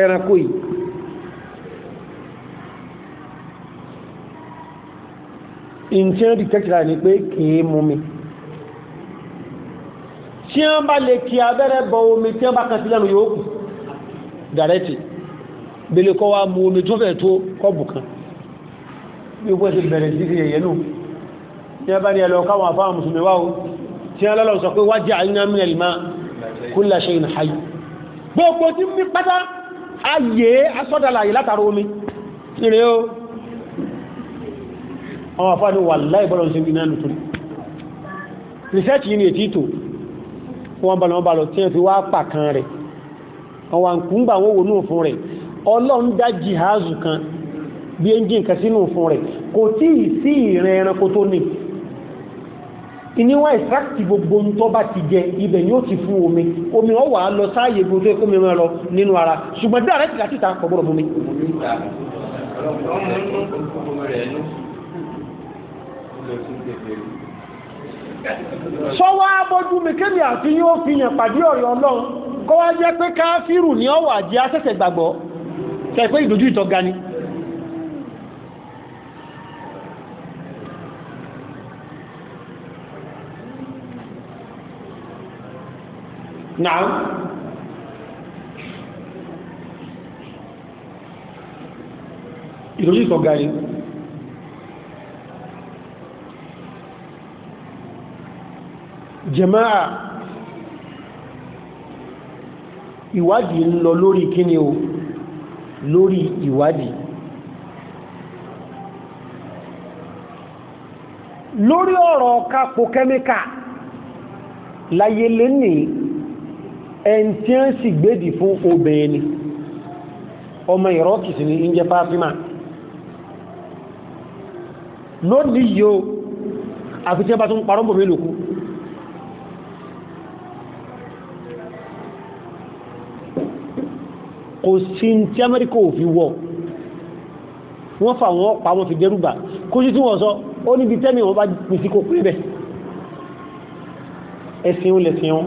ẹranko yìí ìǹtí ẹ̀rọ detect rà ní pé kìí mú mi tí wọ́n bá lè kí abẹ́rẹ́ bọ omi tí wọ́n bá kàn sí lẹ́nu yóò kù dàrẹ́tì bèlè kọ́ wa mu omi tó fẹ́ tó kọ́bù kan bí ó pẹ́sẹ̀ bẹ̀rẹ̀ sí ti yẹ̀yẹ̀ náà tí wọ́n bá ní ẹlọ káwọn àfáwọn mùsùlùmí wá o tí wọ́n lọ́lọ́ sọ pé wá jẹ́ àyíná mílẹ̀ lè máa kulla shay'in hayy gbogbo tí mi pátá ayé asọ́dàlà yìí látara omi ìrè o àwọn àfáwọn wà láì bọ́lọ̀ research yìí ni wọ́n bá lọ wọ́n bá lọ tí wọ́n fi wá pà kan rẹ̀ àwọn àǹkúngbà wọ́n wò ní òfin rẹ̀ ọlọ́run dá jìházù kan bí ẹ́ńjìn kan sínú òfin rẹ̀ kò tí ì sí ìrìn ẹranko tó ní ìní wá ìsíráàtì gbogbo ń tọ́ bá ti jẹ ibẹ̀ ni ó ti fún omi omi wọn wà á lọ sáàyè gbogbo ẹ̀kọ́ mi lọ nínú ara ṣùgbọ́n dáa rẹ̀ ti láti ta kọ̀ gbọ́dọ̀ fún mi ọmọ inú kúkú rẹ̀ ní ọjọ́ tí ó tẹ̀lé sọ́wọ́ abọ́jú mi àti yíó fi yàn pàdé ọ̀rẹ́ ọlọ́run kọ́ wá jẹ́ pé káfíìrù ní ọ̀wọ̀ àjẹ́ asẹ́sẹ̀ gbàgbọ́ tẹ̀ ìdójú ìtọ́ga ni. jama'a ìwádìí ń lọ lórí kíni o lórí ìwádìí lórí ọ̀rọ̀ kapo kẹ́míkà láyé lè ní ẹn tí ó sì gbédì fún obìnrin ni ọmọ ìrọ́kì sí ní ìjẹ fásimá lónìí yóò àfi tí a bá tún parọ́ bòmí lòkú kò sí tí amẹ́ríkà ò fi wọ̀ wọ́n fà wọ́n pa wọ́n fi dẹ́rùbà kó sí tí wọ́n sọ ó níbi tẹ́mi wọ́n bá pín sí kò pé bẹ̀ ẹ̀sìn ó lẹ̀sìn wọn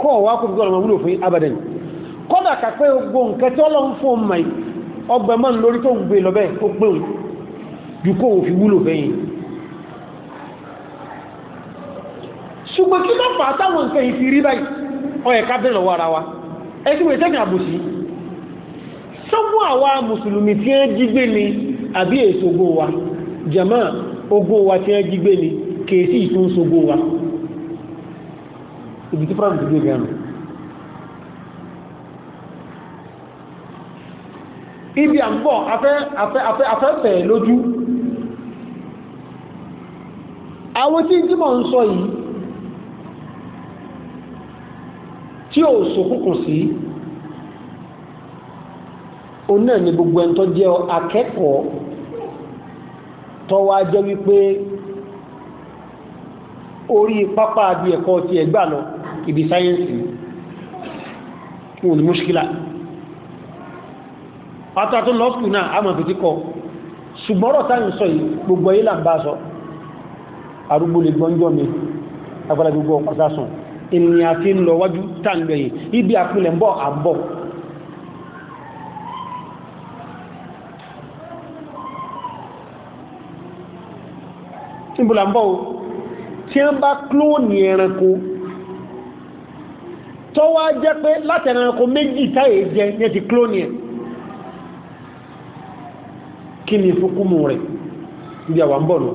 kọ́ wá kó fi gbọ́dọ̀ máa wúlò fún abadan kọ́dà kàpẹ́ gbogbo nǹkan tí ọlọ́run fún ọmọ yìí ọgbẹ́ wa ẹ̀sìn wẹ̀ sẹ́yìn àbòsí sọ́mú àwa mùsùlùmí tí wọ́n jí gbé ni àbí èso ogún wa jama ogún wa tí wọ́n jí gbé ni kèé sí ìtún sogún wa ibi tí france gbé gan ibi à ń bọ̀ afẹ́ afẹ́ afẹ́ afẹ́fẹ́ lójú àwọn tí tí ń sọ yìí tí ò sókùnkùn sí. So òun náà ni gbogbo ẹni tó jẹ́ akẹ́kọ̀ọ́ tó wá jẹ́ wípé orí pápá àbí ẹ̀kọ́ ti ẹ̀gbà lọ ibi sáyẹ́ǹsì òun mùṣkílà pátátó lọ́sùkù náà a mọ̀ fìtí kọ ṣùgbọ́n ọ̀rọ̀ táyì sọ yìí gbogbo ayé là ń bá sọ arúgbó lè gbọ́njọ́ mi agbára gbogbo ọ̀pọ̀ sásùn ènìyàn fi ń wájú tá ibi àpilẹ̀ ń bọ̀ à níbùlà ń bọ̀ o tí wọ́n bá klóònì ẹranko tó wá jẹ́ pé láti ẹranko méjì ti klóònì ẹ̀ kí ni ìfúnkúmù rẹ̀ ibi àwọn bọ̀ lọ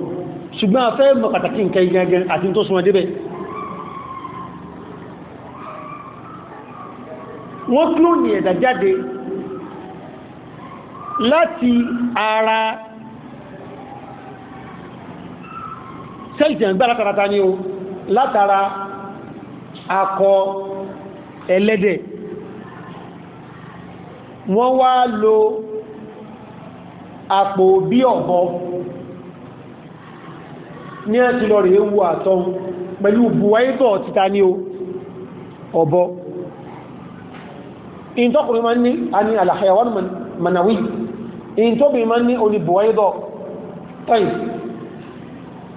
ṣùgbọ́n afẹ́ mọ̀ pàtàkì nǹkan ìgbẹ̀gẹ̀ àti tó súnmọ́ débẹ̀ wọ́n klóònì ẹ̀dà jáde láti ara sẹ́ẹ̀tì ẹ̀gbẹ́ látara ni o látara akọ ẹlẹ́dẹ̀ wọ́n wá lo àpò bí ọ̀bọ ní ẹ̀tí lọ rèé wu àtọ́n pẹ̀lú buwaitọ̀ títa ní o ọ̀bọ ìntọ́kùnrin ma ní a ní alàhàyàwọ́n manawi ìntọ́bìnrin ma ń ní oní buwaitọ̀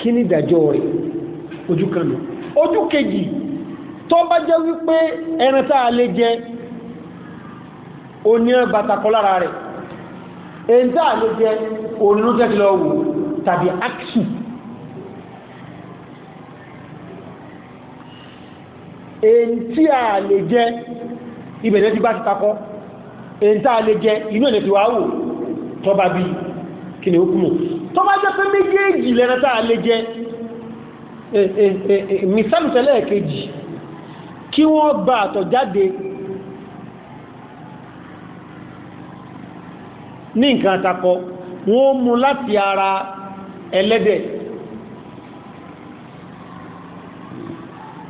kí ni ìdájọ́ rẹ̀ ojú kan nù ojú kejì tó bá jẹ́ wípé ẹran tá a lè jẹ oní batakọ lára rẹ̀ èyí tá a lè jẹ onínú tẹ́tí lọ wò tàbí aksu èyí tí a lè jẹ ibẹ̀dẹ́ ti bá ti takọ́ èyí tá a lè jẹ inú ẹ̀ lè ti wá wò tọ́ba bíi kí ni ó kú tó bá jẹ́ pé méjèèjì lẹ́ran tá a lè jẹ mísàmìsẹ́lẹ̀ kejì kí wọ́n bá àtọ̀ jáde ní nǹkan àtakọ wọ́n mú láti ara ẹlẹ́dẹ̀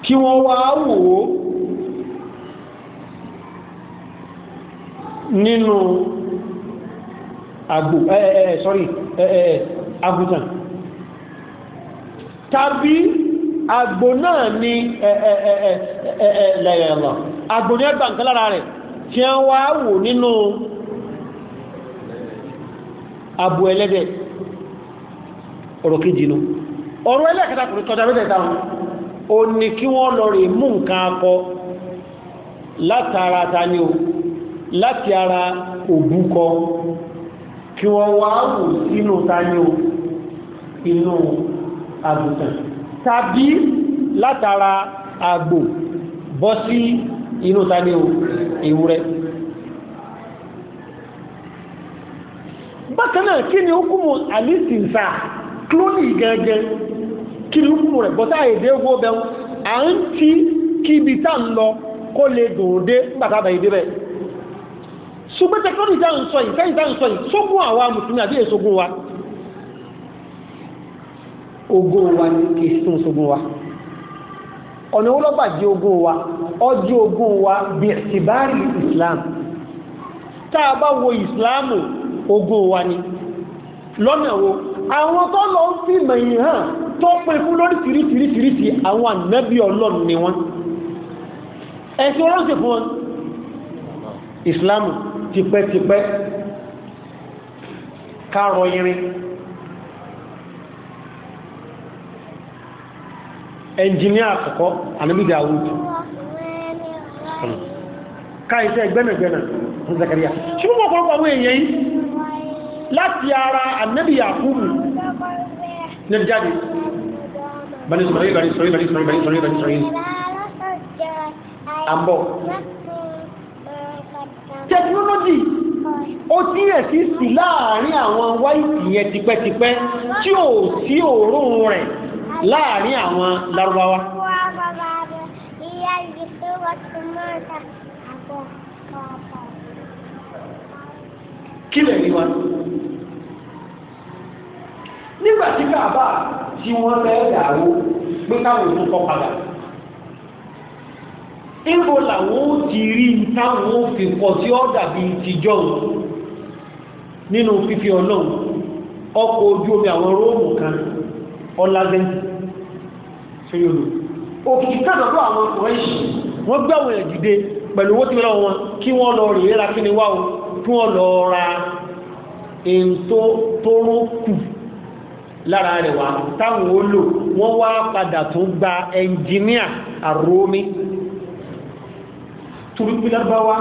kí wọ́n wá wò ó nínú àgbò ẹ̀ẹ̀ sorry ẹ̀ẹ̀ àgùntàn tàbí agbo náà ni lẹ̀yẹ̀lọ̀ àgbò ni ẹgbà nǹkan lára rẹ̀ tí wọ́n wá wò nínú àbò ẹlẹ́dẹ̀ ọ̀rọ̀ kejì ọ̀rọ̀ ẹlẹ́kẹta kò tọ́jà lọ́dẹ̀ kí wọ́n lọ mú o láti ara kí wọ́n wá wò sínú tani o inú àgùntàn tàbí látara àgbò bọ́ sí inú tani o ewúrẹ́. bákan kí ni hukumu alisinsa kloni gẹ́gẹ́ kí ni hukumu rẹ̀ bọ́tá èdè owó bẹ́ẹ̀ à ń ti kíbi tá ń lọ kó lè dòde nígbà tá a ṣùgbọ́n tẹkọ́lì tá à ń sọ yìí fẹ́yìn tá sọ yìí sógun àwa mùsùlùmí àbí èsogun wa ogun wa ni kì í sún sógun wa ọ̀nà wo lọ́gbà di ogun wa ọjọ́ ogun wa bí ẹ̀sìbárì islam tá a bá wo ìsìláàmù ogun wa ni lọ́nà wo àwọn tó lọ ń fi mẹ̀yìn hàn tó pè fún lórí tìrìtìrìtìrìtì àwọn ànábì ọlọ́run ni wọ́n ẹ̀sìn ọlọ́sìn fún wọn ìsìláàmù tipẹ́tipẹ́ kárọ irin ẹnjìníà àkọ́kọ́ ànábì Dáúdù ká iṣẹ́ gbẹ́nàgbẹ́nà Zakaria ṣùgbọ́n ọ̀pọ̀lọpọ̀ àwọn èèyàn yìí láti ara ànábì Yàkúbù níbi jáde bani sọ̀rọ̀ yìí bani sọ̀rọ̀ yìí bani sọ̀rọ̀ yìí bani sọ̀rọ̀ yìí àbọ̀ tẹkinọ́lọ́jì ó ti ẹ̀sìsì láàrin àwọn wáìtì yẹn tipẹ́tipẹ́ tí ò sí òórùn rẹ̀ láàrin àwọn Lárúbáwá. kí lè rí wa nígbà tí bàbá tí wọ́n fẹ́ dàrú pé káwọn ò tún kọ́ padà níbo làwọn ó ti rí táwọn ó fi pọ̀ tí ó dàbí tìjọ́ nínú fífi ọlọ́run ọkọ̀ ojú omi àwọn róòmù kan ọlágẹ́ntì sóyòlù òkìkí kàdọ̀dọ̀ àwọn ọ̀rẹ́ṣì wọ́n gbé àwọn èèyàn dìde pẹ̀lú owó tí wọ́n lọ́wọ́ wọn kí wọ́n lọ rèé ra kí ni wá o kí wọ́n lọ ra èyí tó tóró kù lára rẹ̀ wá táwọn ó lò wọ́n wá padà tó gba ẹnjìníà àrómi torí pé lárúbáwá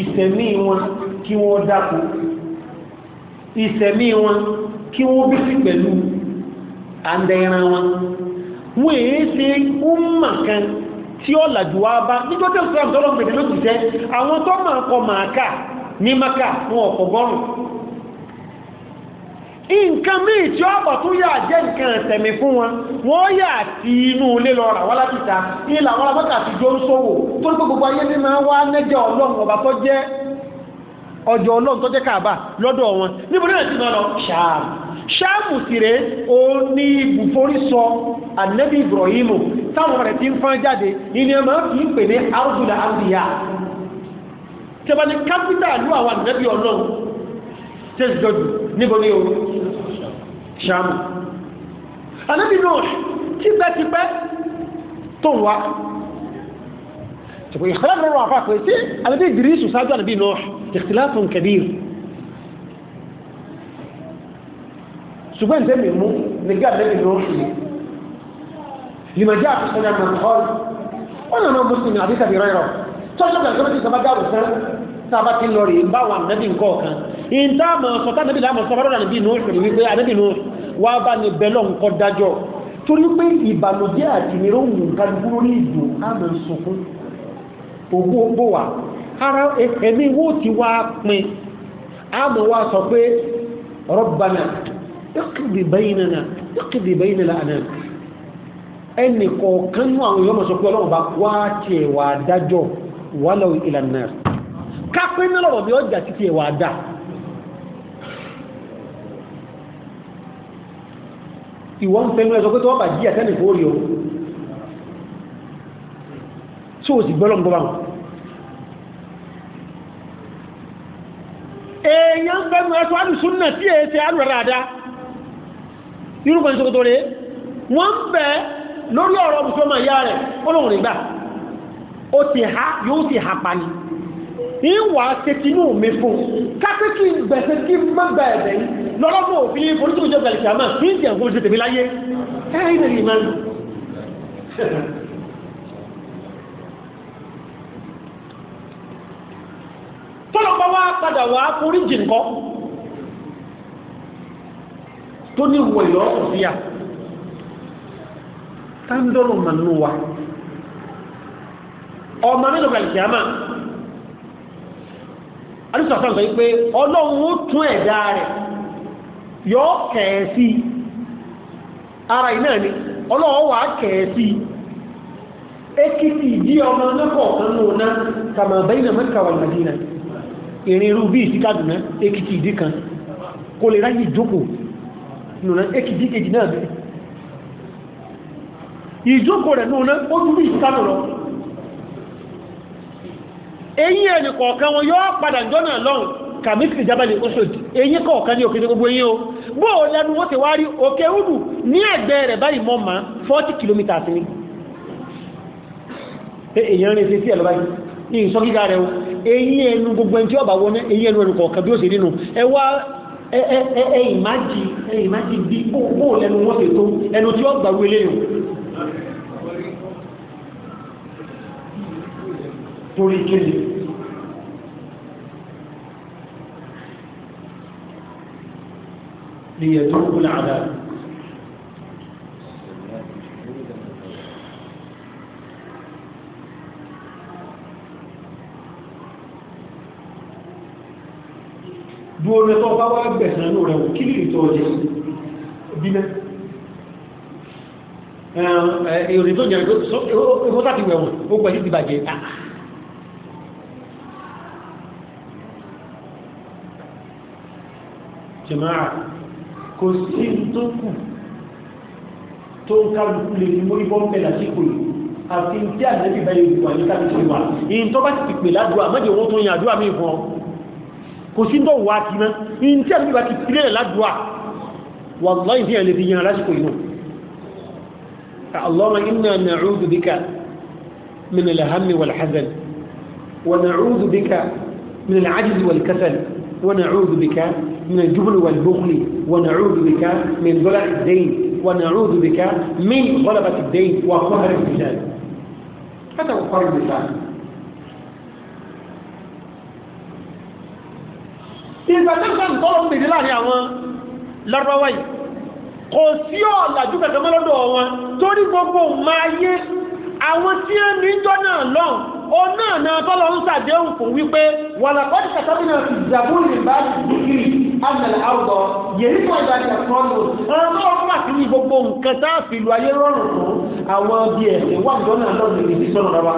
ìsẹ̀mí wọn kí wọ́n dáko ìsẹ̀mí wọn kí wọ́n bí sí pẹ̀lú àndẹ̀ran wọn wọ́n èé ṣe ọmọ kan tí ó làjù wá bá níjọ́ tẹ̀sán tọ́lọ́mùbẹ̀dẹ̀ ló àwọn tó máa kọ màákà ní maka wọn ọ̀pọ̀ ún nǹkan míì tí ọ̀pọ̀ tó yà jẹ́ nǹkan ẹ̀sẹ̀mí fún wọn wọ́n yà ti inú ilé lọ rà wọ́n lápìta ilà wọn lápẹ́ta ti jó ń sòwò tó ní gbogbo ayé ní máa wá nẹ́jẹ́ ọlọ́run ọba tó jẹ́ ọjọ́ ọlọ́run tó jẹ́ káàbà lọ́dọ̀ wọn níbo náà ti máa lọ ṣáàmù ṣáàmù sì rèé ó ní ibùforí sọ ànẹ́bí Ibrahim táwọn rẹ̀ ti ń fọ́n jáde ìní ẹ̀ máa fi ń pè ní arúgbó tẹ́sí gbọ́dù níbo ní o ṣàmù. ànábì náà tipẹ́tipẹ́ tó ń wá tòkò ìkọlẹ́ mẹ́rin wà fà pé sí ànábì ìdírísù sáájú ànábì náà ikhtilafun kabir. ṣùgbọ́n ìtẹ́mi mú nígbà ànábì náà lima jaa fi sunan man qol ona no muslim hadith abi rayro to so da ko ti sabada wa sar sabati lori ba wa nabi ko kan ìta mọ̀ sọ̀tà níbi làmọ̀ sọ̀rọ̀ náà níbi nùúrù ní wípé àníbi nùúrù wá bá ní bẹ́lọ̀ nǹkan dájọ́ torí pé ìbànújẹ́ àti ìnira òun nǹkan dúró ní ìdò àmì sunkún òkú ògbó wa ara ẹ̀mí wo ti wá pin àmọ̀ wa sọ pé Rabbana iqdi baynana iqdi baynal anam ẹnì kọ̀ọ̀kan nú àwọn èèyàn ọjà ti tiẹ̀ dáa ìwọ ń fẹnu ẹsọ pé tó wọ́n bà jí àtẹ́nì fóòrí o tí ó sì gbọ́lọ̀ gbọ́bà wọn èèyàn fẹnu ẹsọ alùsúnnà tí èé ṣe alù rádá irúgbọ́n ní ṣokòtò rẹ̀ wọ́n ń bẹ lórí ọ̀rọ̀ mùsùlùmọ̀ ìyá rẹ̀ olóhùn nígbà ó ti ha yóò ti ha pa ni ìwà ṣe tinú mi fún kápẹ́kì gbẹ̀sẹ̀ kí mọ́gbà ẹ̀bẹ̀ yìí lọ́lọ́gbọ̀n òfin forí tó jọ gbàlẹ̀ kìámà kí n jẹ́ nǹkan ha láyé káyìn lè máa lò. wá padà wá forí jì tó ní wọ̀ ìlọ́ tándọ́rọ̀ mà wa ọmọ nínú gbàlẹ̀ kìámà alùsọ̀tàn sọ pé ọlọ́run ó tún ẹ̀dá rẹ̀ yọ kẹ̀ẹ́sì ara iná ni ọlọ́wọ́ ọwụwa kẹ̀ẹ́sì ekiti ìdí ọmọ nákọ̀ọ̀kan ọ̀kan ná kàmà bẹ́yìn mẹ́ta wà ìrìn irú bí ìsíkà dùnà ekiti ìdí kan kò lè ráyè ìjókòó nùnà ekiti kejì náà bẹ́ẹ̀ ìjókòó rẹ̀ nùnà ó lọ eyín ẹnì kọ̀ọ̀kan wọn padà jọ́nà kàmítìrì jábàlì Uhud eyín kọ̀ọ̀kan ní òkè gbogbo eyín o bó o lẹ́nu wọ́n ti wá rí òkè Uhud ní ẹ̀gbẹ́ rẹ̀ báyìí mọ́ ma forty kilometres ni èèyàn rìn sí sí ẹ̀ lọ báyìí ní ìsọ gíga rẹ̀ o eyín ẹnu gbogbo ẹni tí ọba wọnú eyín ẹnu ẹnu kọ̀ọ̀kan bí ó ṣe nínú ẹ wá ẹ ẹ ìmájì bí bó o lẹ́nu wọ́n ti tó ẹnu tí ọgbà wọlé o torí kéde ليذوقوا العذاب dúró tó bá wá gbẹ̀sán ló rẹ̀ wò kí lè tó ọjẹ́ bímẹ́ èrè tó jẹ́ ìkó tàbí wẹ̀wọ̀n ó pẹ̀lú ti bàjẹ́ jẹ́máà kò sí tó kù tó ń kálukú lè ní mórí bọ́ńbẹ́ lásìkò yìí àti tí àdébí bá yẹn wà ní káàkiri wa ìyìn tó bá ti pè ládùúgbò àmọ́jẹ̀ owó tó yan àdúrà mí fún ọ kò sí tó wà á ti mọ́ ìyìn bá ti pè ládùúgbò wà lọ́yìn inna na'udhu min al wal-hazan wa na'udhu من العجز والكسل ونعوذ بك من الجبن والبخل ونعوذ بك من ضلع الدين ونعوذ بك من غلبة الدين وقهر الرجال هذا قهر الرجال ìgbà tẹ́sán tọ́lọ̀ ń bèèrè láàrin àwọn lọ́rọ̀wọ́ yìí kò sí ọ̀làjú kẹ̀kẹ́ mọ́lọ́dọ̀ wọn torí gbogbo máa yé àwọn tí ó ní jọ náà lọ́hùn ó náà náà tọ́lọ ń sàdéhùn fún wípé wàlàkọ́dì kàtàbínà ti zàbúrì bá dìgírì àgbàlẹ̀ àwùjọ yèyí tó ìgbà tí a sọ lò ọ̀rọ̀ náà fún àti gbogbo nǹkan tá a fi lu ayé rọrùn fún àwọn bí ẹ̀ wà jọ náà lọ́dún ní sọ̀rọ̀ rárá.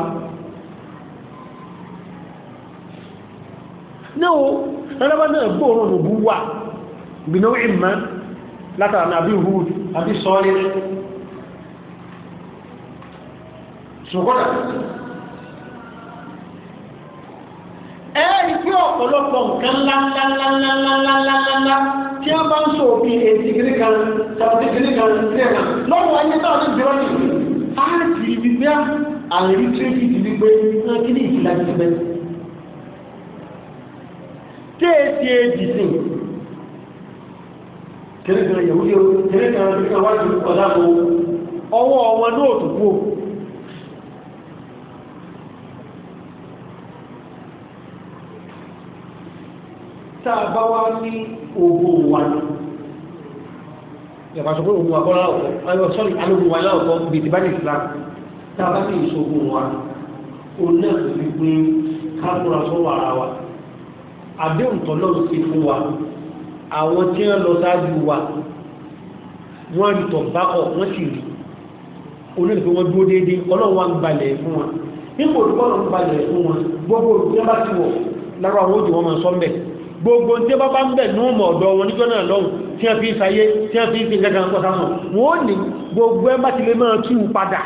náà rárá náà gbòòrò òbú wà gbìnà ìmọ̀ látara náà àbí hud àbí sọ́ọ́lẹ̀ ṣùgbọ́n ẹ̀rí tí ọ̀pọ̀lọpọ̀ nǹkan ńláńláńláńláńláńláńlá tí wọ́n bá ń sọ òbí èsì kiri kan tàbí kiri kan sí ẹ̀ka lọ́wọ́ ayé náà wọ́n kí ìfìlà ti èjì sí kiri kan kiri kan kiri kan wájú ọ̀dà ọwọ́ tá a bá wá ní ògùn wa ni yàtọ̀ sọ́kò ògùn wa kọ́ láwùjọ ayọ̀ sọ́ọ̀lì alógùn wa láwùjọ bìtì bá ní Islam tá a bá ní ìṣògùn wa òun náà kò fi gbé kákúra sọ́wọ́ ara wa àdéhùn tọ́lọ́run ti fún wa àwọn tí wọ́n lọ sáájú wa wọ́n rí tọ̀ bákọ̀ wọ́n sì rí onílẹ̀ pé wọ́n dúró déédéé ọlọ́run wa ń balẹ̀ fún wa nípò olùkọ́ ọ̀run balẹ̀ fún wa gbogbo olùkọ́ bá ti wọ̀ lára àwọn òjò wọn máa sọ́ mbẹ́ gbogbo tí wọ́n bá ń bẹ̀ ní ọmọ ọ̀dọ́ wọn níjọ́ náà lọ́hùn tí wọ́n fi ń sayé tí wọ́n fi ń sin gẹ́gẹ́ nǹkan sáwọn wọn ní gbogbo ẹ bá ti lè máa tú padà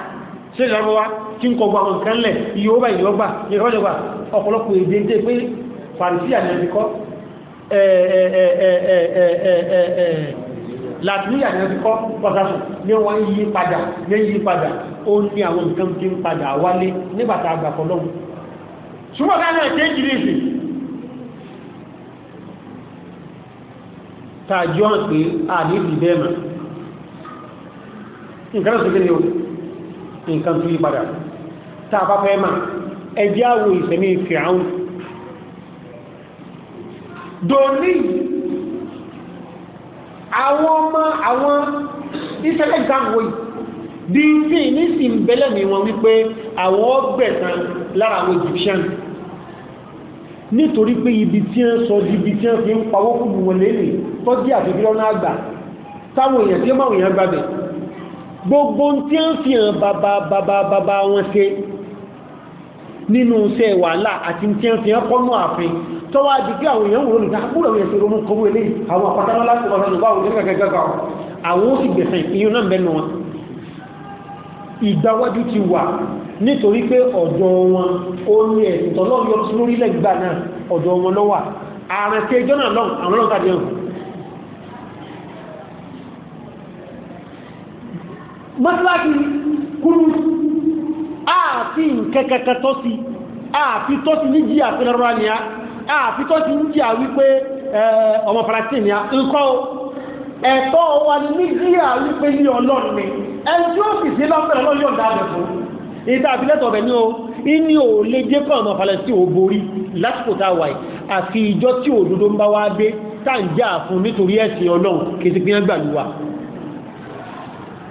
ṣé ìjọba wa tí ń àwọn nǹkan lẹ̀ iye ọ̀pọ̀lọpọ̀ èdè ń tàjọ́ hàn pé àdébì bẹ́ẹ̀ mà nǹkan tó kéde o nǹkan tó yí padà tá a bá fẹ́ mà ẹjẹ́ àwò ìsẹ̀mí fìràún dòní àwọn ọmọ àwọn ìṣẹ̀lẹ̀ ìgbàgbọ́ yìí bí tí ní sì ń bẹ́lẹ̀ mi wọn wípé àwọn ọgbẹ̀sán lára àwọn Egyptian nítorí pé ibi tí ń sọ di ibi tí ń fi ń pawó kù wọn lélẹ̀ tọ́jú àfihàn lọ́nà àgbà táwọn èèyàn tí ó máa èèyàn gbàgbẹ́ gbogbo tí ń fi hàn bàbá bàbá bàbá wọn ṣe nínú iṣẹ́ wàhálà àti tí ń fi hàn pọ́nú ààfin tọ́wọ́ àdìgbé àwọn èèyàn wòlò nìkan ah, àbúrò àwọn èèyàn ṣe ronú kọ́wé lé àwọn àpàtàkùn láti ọ̀rọ̀ yorùbá òní gàgàgàgà àwọn ó sì gbẹ̀sẹ̀ ìyún náà mẹ́nu wọn ìgbàwájú ti wà nítorí pé ọ̀dọ̀ wọn ó ní ẹ̀sìn tọ́lọ́ yọ sí lórílẹ̀ gbà náà ọ̀dọ̀ wọn lọ́wà ààrẹ tí ẹjọ́ náà lọ́n àwọn lọ́n tàbí ẹ̀hùn mọ́síláàkì kúrú àti nkẹ́kẹ́kẹ́ tọ́ sí àfi tọ́ sí ní jí àfẹ́lẹ́rọ́ ni a àfi tọ́ sí ní jí à wípé ọmọ Palestine ni a ńkọ́ ẹ̀tọ́ wa ní jí à wípé ní ọlọ́run ni ẹni tí ó sì sí lọ́pẹ̀lẹ́ lọ́yọ̀ǹda ìta àfilẹ́tọ̀ ọ̀bẹ̀ ní o ní o lè jẹ́ kọ́ ọmọ falẹ́sí ò borí lásìkò tá a wà àfi ìjọ tí òdodo ń bá wá dé tá ń jà fún nítorí ẹ̀sìn ọlọ́run kì í ti gbìyànjú àlùwà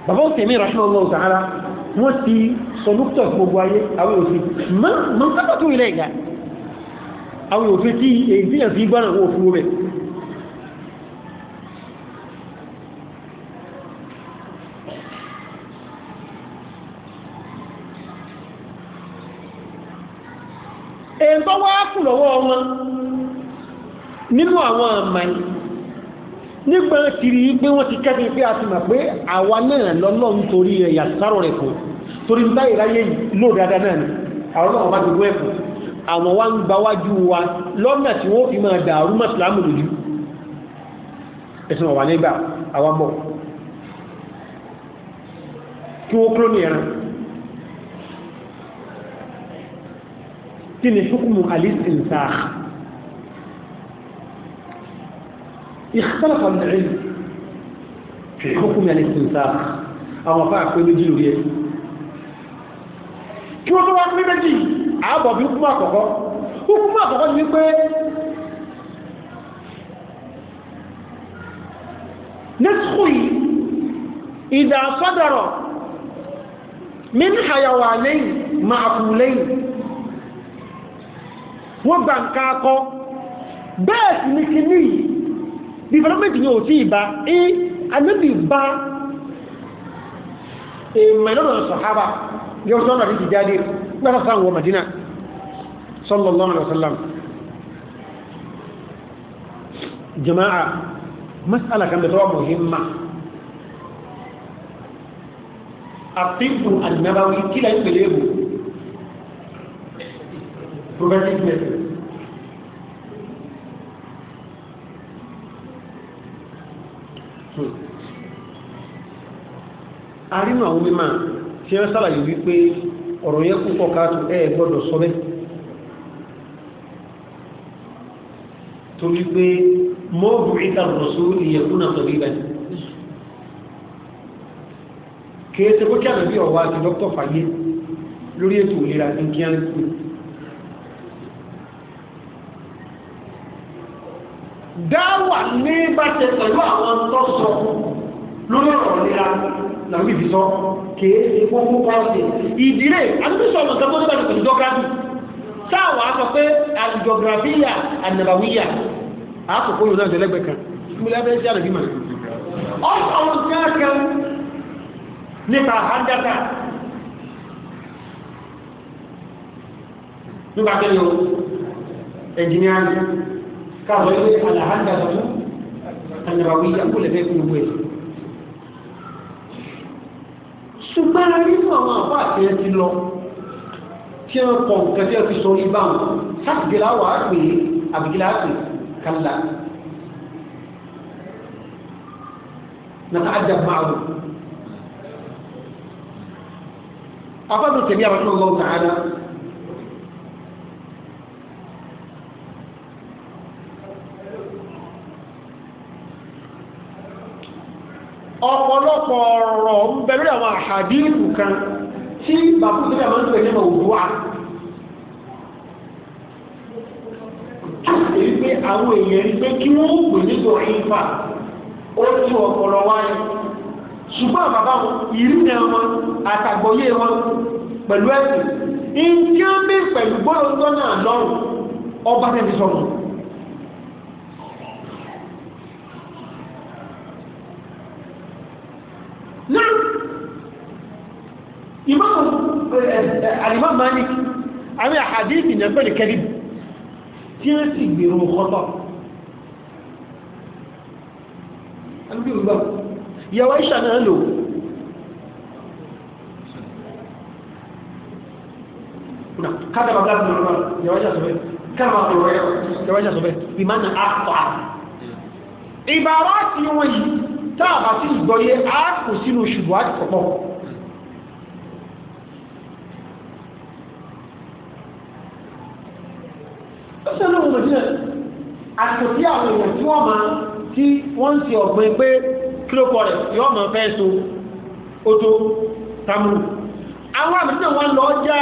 bàbá òsèmí ìrọ̀ṣẹ́ ọlọ́run sàárà wọ́n ti lọ́wọ́ wọn nínú àwọn àmà yìí nígbà tí rí pé wọ́n ti kẹ́kẹ́ pé a ti mọ̀ pé àwa náà lọ́lọ́ nítorí rẹ̀ yàtọ̀ rẹ̀ kù torí nígbà ìráyè lóòrè dáadáa náà ni àwọn náà wọ́n bá gbogbo ẹ̀kọ́ àwọn wa ń gbáwájú wa lọ́nà tí wọ́n fi máa dàrú mọ́sùlámù lójú ẹ̀sìn ọ̀wà nígbà àwọn bọ̀ kí wọ́n kúrò ní ẹran kí ni hukumu al-istinsaakh ikhtalafa al-ilm fi hukumi al-istinsaakh àwọn afá àpé méjì lórí ẹ kí wọ́n tó wá pé méjì àábọ̀ bí hukumu àkọ́kọ́ hukumu àkọ́kọ́ ni wípé نسخه إذا صدر من حيوانين معقولين wọ́n gba nǹkan akọ bẹ́ẹ̀ sì ni kìíní yìí development yóò tí ì ẹ anábì bá èèmọ̀ sọ̀hábà yóò sọ ọ̀nà àdìsí jáde gbára sáwọn wọn Madina sallallahu alaihi wasallam jama'a mas'ala kan bẹ̀tọ́ muhimma àtìkù annabawi kí lẹ́yìn pẹ̀lẹ́bù progressive medicine arínú àwọn mímọ̀ tí wọ́n sàlàyé wípé ọ̀rọ̀ yẹn púpọ̀ káàtó ẹ gbọ́dọ̀ sọ bẹ́ẹ̀ torí pé mọ́ọ̀bù ìta rọ̀sù ìyẹ̀kúnà sọ̀rí rẹ̀ kìí ṣe kó kí ànábì dáwà ní bá ṣe pẹ̀lú àwọn tó lórí ọ̀rọ̀ ìlera làwọn ìfi sọ kéé epo kó pàṣẹ ìdílé àdúgbò sọ ọmọ nǹkan tó nígbà tó ti dọ́gàdù táwọn aṣọ pé àjọgìràfíà ànàbàwíyà àkókò yóò náà tẹ́lẹ̀gbẹ̀ kan ìpínlẹ̀ abẹ́rẹ́ sí àlùbí màá ọ̀sọ̀ ọ̀hún sí àkàn nípa àhádáta nípa kí ni o ẹ̀jìnìyàn káàbọ̀ ilé àlàhádáta fún ànàbàwíyà kó lè fẹ́ kú gbogbo ẹ̀ ṣùgbọ́n a rí fún àwọn àbá àti ẹ ti lọ tí wọn kọ nǹkan tí wọn fi sọ orí bá wọn sátìgìlá wà á pè é àbìgìlá á pè kálá nàtà ájà máàlú. afáàdù tèmi àwọn ọmọ ọgbà ara ọ̀pọ̀lọpọ̀ bẹ àwọn àhàdíìkù kan tí bàbá sílẹ̀ àmọ́ ń pè ní a èyí pé àwọn èèyàn pé kí wọ́n pè nígbà ìfà ó ti ọ̀pọ̀lọ wáyé ṣùgbọ́n bàbá wọn wọn wọn pẹ̀lú ẹ̀sìn ìjọba pẹ̀lú àlìmọ́ malik àwọn àhàdíìsì náà pẹ̀lú kẹ́lí tí wọ́n sì gbèrò kọ́tọ̀ yàwó ìṣà náà lò kádàbà bláàbù lọ́rọ̀ yàwó ìṣà sọ bẹ́ẹ̀ kama ọ̀rọ̀ ẹ̀rọ ẹ̀ṣẹ̀ sọ̀bẹ̀ ìmánà àpá. ìbára ti wọ̀nyí tá a bá ti gbọ́ sínú ṣùgbọ́n àti pọ̀pọ̀. ó sọ lóhùn mọ̀tí náà àsìkò tí àwọn èèyàn tí wọ́n máa tí wọ́n ń ti ọ̀gbìn pé kílókọ rẹ̀ yóò máa fẹ́ so oto tamuru àwọn àmì náà wọ́n lọ já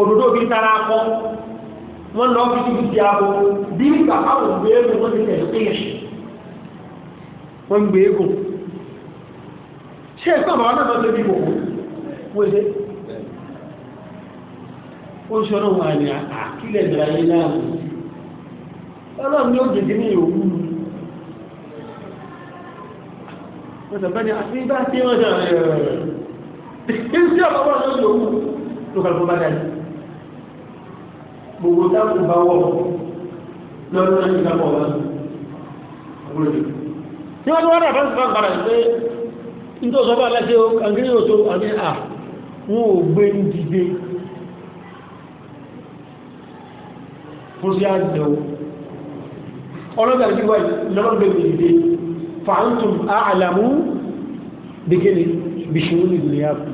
òdòdó bíi tara akọ wọ́n lọ fi ti di abo bí ìgbà àwọn ògbé egun wọ́n ti tẹ̀lé péye wọ́n ń gbé egun ṣé ẹ̀sán àwọn náà lọ́ọ́ débi kòkó wọ́n ṣe ó ń ṣọ́nà wà ní àkílẹ̀ ìdárayé náà ọlọ́run ní òjèjì ní ìyòwú wọ́n sọ bẹ́ẹ̀ ni àti bá tí wọ́n sọ ẹ̀rọ tí ọ̀pọ̀ ọ̀pọ̀ ọ̀sán ìyòwú ló kà ló bá dà yìí gbogbo táwọn bá wọ̀ lọ́dún náà nígbà pọ̀ wọn àbúrò yìí. tí wọ́n ti wọ́n rà fáńsì fáńsì padà pé nítorí ọ̀sán bá aláṣẹ o kankiri yóò tó àmì à wọn ò gbé ń dìde fún sí àjẹwò ọlọ́dà bí wáyé lọ́gbẹ̀ gbèdé fàántùm àlàmú bíkẹ́lẹ̀ bìṣòwò ní ìdílé àpò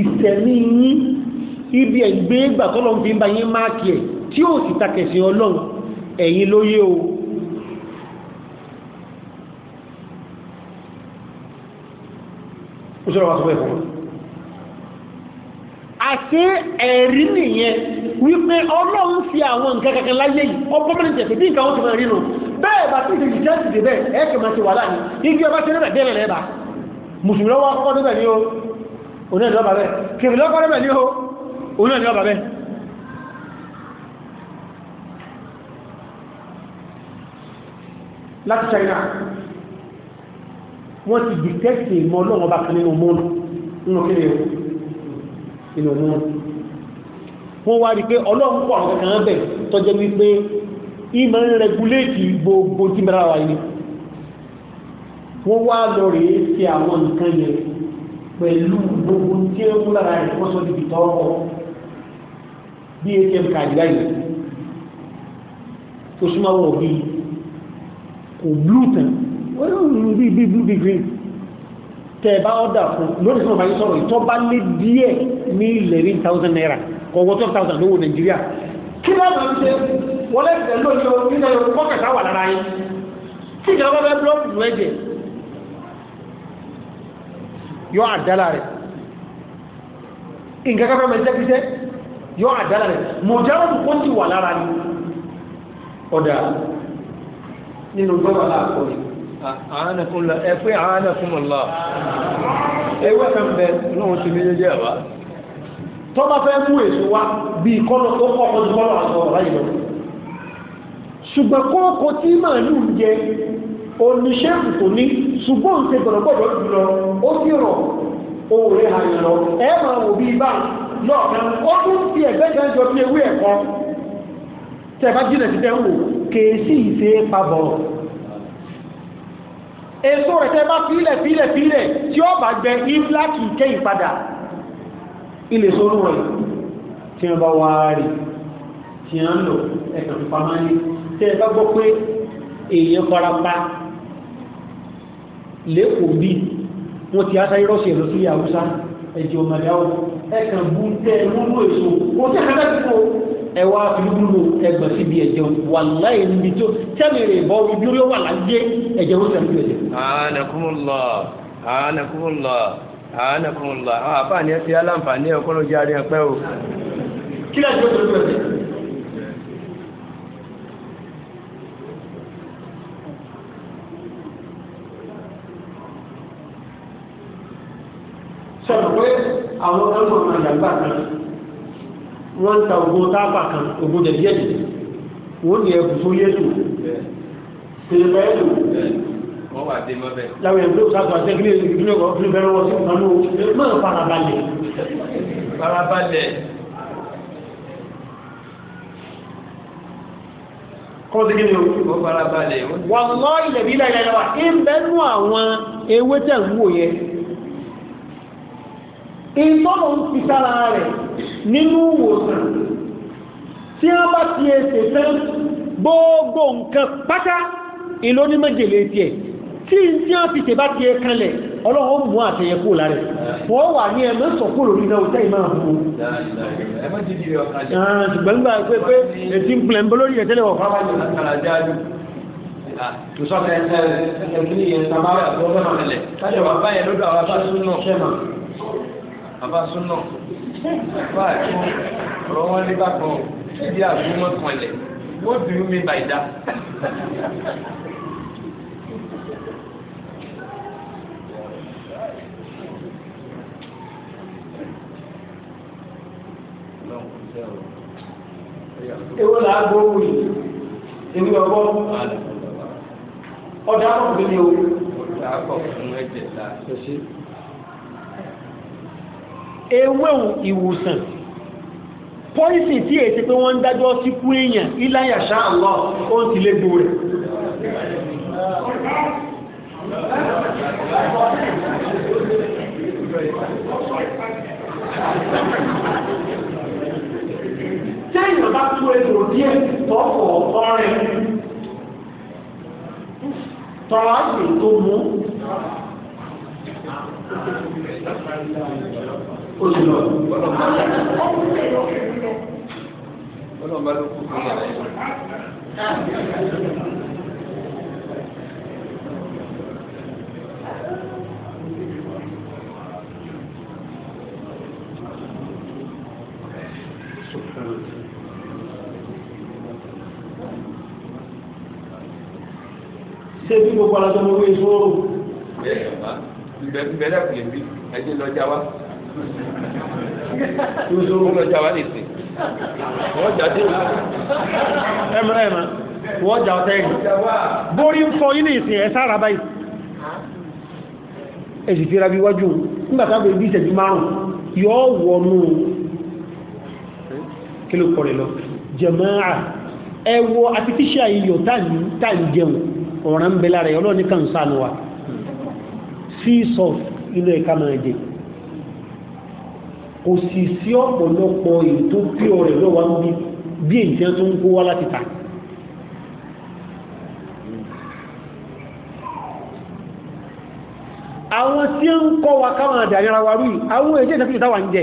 ìsẹ̀mí yín ibi ẹ̀gbẹ́ ìgbà tọ́lọ́ fi ń ba yín máàkì ẹ̀ tí ó sì takẹ̀sí ọlọ́run ẹ̀yin ló o ó sọ̀rọ̀ wá sọ fún un wípé ọlọ́run fi àwọn nǹkan kankan láyé yìí ọgbọ́n mẹ́rin tẹ̀sí bí nǹkan wọn ti máa rí nù bẹ́ẹ̀ bá tí ìdèjì jáde dè bẹ́ẹ̀ ẹ̀ kì máa ti wà láàyè igi ọba ti rẹ̀ bẹ́ẹ̀ lẹ́ẹ̀bà mùsùlùmí lọ́wọ́ akọ́kọ́ débẹ̀ ní o òun náà lọ́ba bẹ́ẹ̀ kìrì lọ́kọ́ débẹ̀ ní o òun náà lọ́ba bẹ́ẹ̀. láti China wọ́n wá rí pé ọlọ́run pọ̀ àwọn kan bẹ̀ tọ́jẹ́ wípé ìmọ̀ ń rẹguléètì gbogbo tí mẹ́ra wa yìí wọ́n wá lọ rèé ṣe àwọn nǹkan yẹn pẹ̀lú gbogbo tí ó mú lára rẹ̀ wọ́n sọ níbi tọ́wọ́ bí atm card báyìí tó súnmọ́ wọ̀ bíi kò blue tán wọ́n yóò rí bíi blue bíi green tẹ ẹ bá ọ̀dà fún lónìí sọ̀rọ̀ báyìí sọ̀rọ̀ ìtọ́ bá lé díẹ̀ ní eleven thousand naira kọ̀wọ́ twelve thousand lówó nàìjíríà. kí ló máa ń ṣe wọlé ìfẹ́ lónìí o nílẹ̀ o kọ́ kẹta wà lára yín tí ìjọba bá fẹ́ búlọ́ọ̀kì lù ẹ̀jẹ̀ yọ àdálà rẹ̀ nǹkan kan fẹ́ mọ iṣẹ́ yọ àdálà rẹ̀ mọ̀jáwó kó ti wà lára ni ọ̀dà nínú gbọ́dọ̀ láàkọ́ yìí àánàkùn lọ ẹ pé àánàkùn lọ ewé kan bẹ lóhun ti ní jẹjẹ àbá tó bá fẹ́ mú èso wá bí kọ́nà tó kọ́ ọdún kọ́nà àti ọ̀rọ̀ láyé lọ ṣùgbọ́n kọ́kọ́ tí màálù ń jẹ oníṣẹ́kù tó ní ṣùgbọ́n ń ṣe gbọ̀dọ̀gbọ̀dọ̀ jùlọ ó sì rọ̀ oore àyàn lọ ẹ máa wò bí bá lọ́ọ̀kan ó tún fi ẹ̀gbẹ́ kan jọ bí ewé ẹ̀kọ́ tẹ̀ bá jìnà sí tẹ́ ń wò kèé sì ṣe é pa bọ̀rọ̀ èso rẹ̀ tẹ́ bá fílẹ̀ fílẹ̀ fílẹ̀ tí ó bá gbẹ ìfláàkì ìké ìpadà ilé sórú rẹ̀ tí wọ́n bá wá rí tí wọ́n ń lò ẹ̀kàn fífa máa ń lé tẹ́ ẹ bá gbọ́ pé èèyàn farapa lẹ́kọ̀ọ́ bí wọ́n ti aṣáyé rọ́ọ̀ṣì ẹ̀ lọ sí Haúsá ẹ̀kan bú tẹ wúlò èso kò sí ẹ̀ka bẹ́ẹ̀ tó ẹ wá fi wúlò ẹgbẹ̀ síbi ẹ̀jẹ̀ wà láyé níbi tó tẹ́mìrì ìbọn ojú yóò wà láyé ẹ̀jẹ̀ ó tẹ̀lé ẹ̀jẹ̀. ànàkùnmùlọ ànàkùnmùlọ ànàkùnmùlọ àwọn àfààní ẹ ti aláǹfààní ẹ kọ́ ló jẹ́ àríyànpẹ́ o. kí lẹ́yìn tó tó tó ẹ̀jẹ̀. àwọn ọmọ ọmọ ìyàgbà kan wọ́n ń ta ogun tábà kan ogun jẹ̀díẹ̀dì wọ́n ní ẹ̀bù fún yéṣù tèèfẹ́ ètò wọ́n wà dé mọ́bẹ̀. láwọn ẹ̀bùn tó sábà ṣe kí ní ìpínlẹ̀ ọ̀rọ̀ fún ìbẹ̀rẹ̀ wọn sí ìpanu máa farabalẹ̀. farabalẹ̀. kọ́ sí kí o. ó farabalẹ̀. wàlọ́ ilẹ̀ bí ilẹ̀ ilẹ̀ wa ń bẹ́nu àwọn ewé tẹ̀ ń wò yẹn ìtọ́nà ń fi sára rẹ̀ nínú ìwòsàn tí wọ́n bá ti ẹsẹ̀ tán gbogbo nǹkan pátá ìlú ní méjèlé tiẹ̀ tí tí wọ́n fi tèbá tiẹ̀ kanlẹ̀ ọlọ́run ó mú àtẹ̀yẹ kó lára wọ́n wà ní ẹ̀mọ́ sọ̀kó lórí náà tẹ́ ìmọ̀ àbúrò. ṣùgbọ́n nígbà pé pé ètí ń pilẹ̀ ń bọ́ lórí ẹ̀ tẹ́lẹ̀ wọ̀ tùsọ̀tẹ̀ ẹ̀ ẹ̀ ẹ̀ kí ni ìyẹn sábà wà lọ́dọ̀ náà lẹ̀ kájọ̀ wà báyẹn lọ́dọ̀ àwọn abáṣúná bàbá súnà bàbá àti ọ̀rọ̀ wọn ní bákan bí àgúnmọ́ kanlẹ̀ what do you mean by that? ewo la agbo wu yi èmi ọgbọ ọdọ akọ fún mi o. ọdọ akọ fún ẹjẹ ta ewé ìwòsàn pọ́lísì tí èsì pé wọ́n ń dájọ́ sí kú èèyàn iláyà ṣáàlọ́ ó ti lé gbò rẹ̀ tẹ́yìn bá tó ètò díẹ̀ tọ́pọ̀ ọ̀rẹ́ tọ́wọ́ àti ètò mú ó ti lọ ọlọ́run bá ló kú fún yàrá yìí. ṣé bí gbogbo ara tó ń wé sóòrò. bẹ́ẹ̀ bá bẹ́ẹ̀ bẹ́ẹ̀ dàkú lè bí ẹjẹ lọ́jà wá wọ́n lọ jà wá lè sè wọ́n jà dé ẹ̀mọ́rẹ́ ẹ̀mọ́ wọ́n jà ọ̀tẹ́ yìí borí ń fọ yín ní ìsìn ẹ̀ sára báyìí èsì tí rabi wájú nígbà tá a bẹ̀rẹ̀ bí ìṣẹ́jú márùn-ún yọ wọnú kí ló kọ̀ rẹ̀ lọ jẹ̀máà ẹ wo àtifíṣà iyọ̀ tá à ń jẹun ọ̀ràn ń bẹ lára ẹ̀ ọlọ́ọ̀ni kan sànù sea salt inú ẹ̀ka máa jẹ kò sì sí ọ̀pọ̀lọpọ̀ ètò píọ̀ rẹ̀ lọ́wọ́ ń bí bí nǹkan tó ń kó wá láti ta. àwọn tí ń kọ́ wa káwọn àdàríra wa rú yìí àwọn èjì ìtàkùn ìtàwà ń jẹ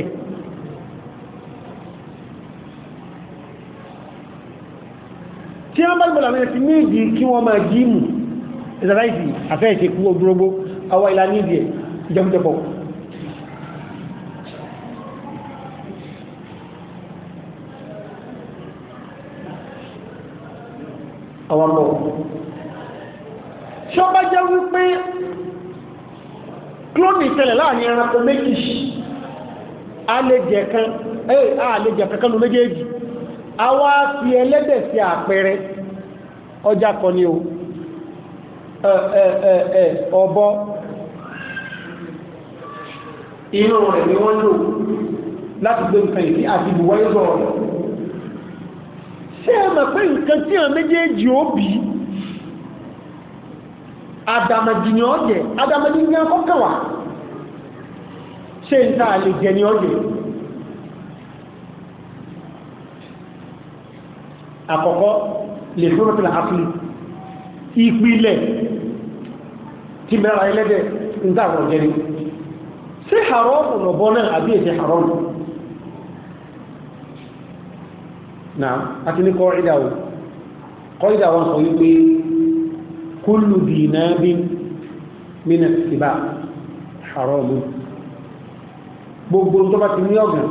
tí wọ́n bá gbọ́dọ̀ àwọn ẹ̀sìn méjì kí wọ́n máa jíìmù ìsàláìsì àfẹ́ ìṣekú ogúnrógó àwọn ìlànà ìdíẹ̀ ìjẹkújẹpọ̀ àwọn lọ. tí ó bá jẹ́ wípé klónì ìṣẹ̀lẹ̀ láàrin ẹranko méjì àlejẹ̀ kan àlejẹ̀ kankan ló méjèèjì àwa ẹlẹ́dẹ̀ sí àpẹẹrẹ ọjà kan ni o ọ̀bọ inú rẹ̀ ni wọ́n lò láti gbé nǹkan ìdí àti ìbùwáyé ṣé ẹ mọ̀ pé nǹkan tí àwọn méjèèjì ó bì í àlè jẹ àkọ́kọ́ lè fún ọ̀tún àfin ìpìlẹ̀ tí mẹ́ra ẹlẹ́dẹ̀ ń dàgbọ̀ jẹ ni ṣé haram ọ̀nà bọ́ náà àbí náà àti ní kọ́ìdà o kọ́ìdà wọn sọ wípé kúlù dìínà bí mínà síbà haramu gbogbo tó bá ti ní ọ̀gàn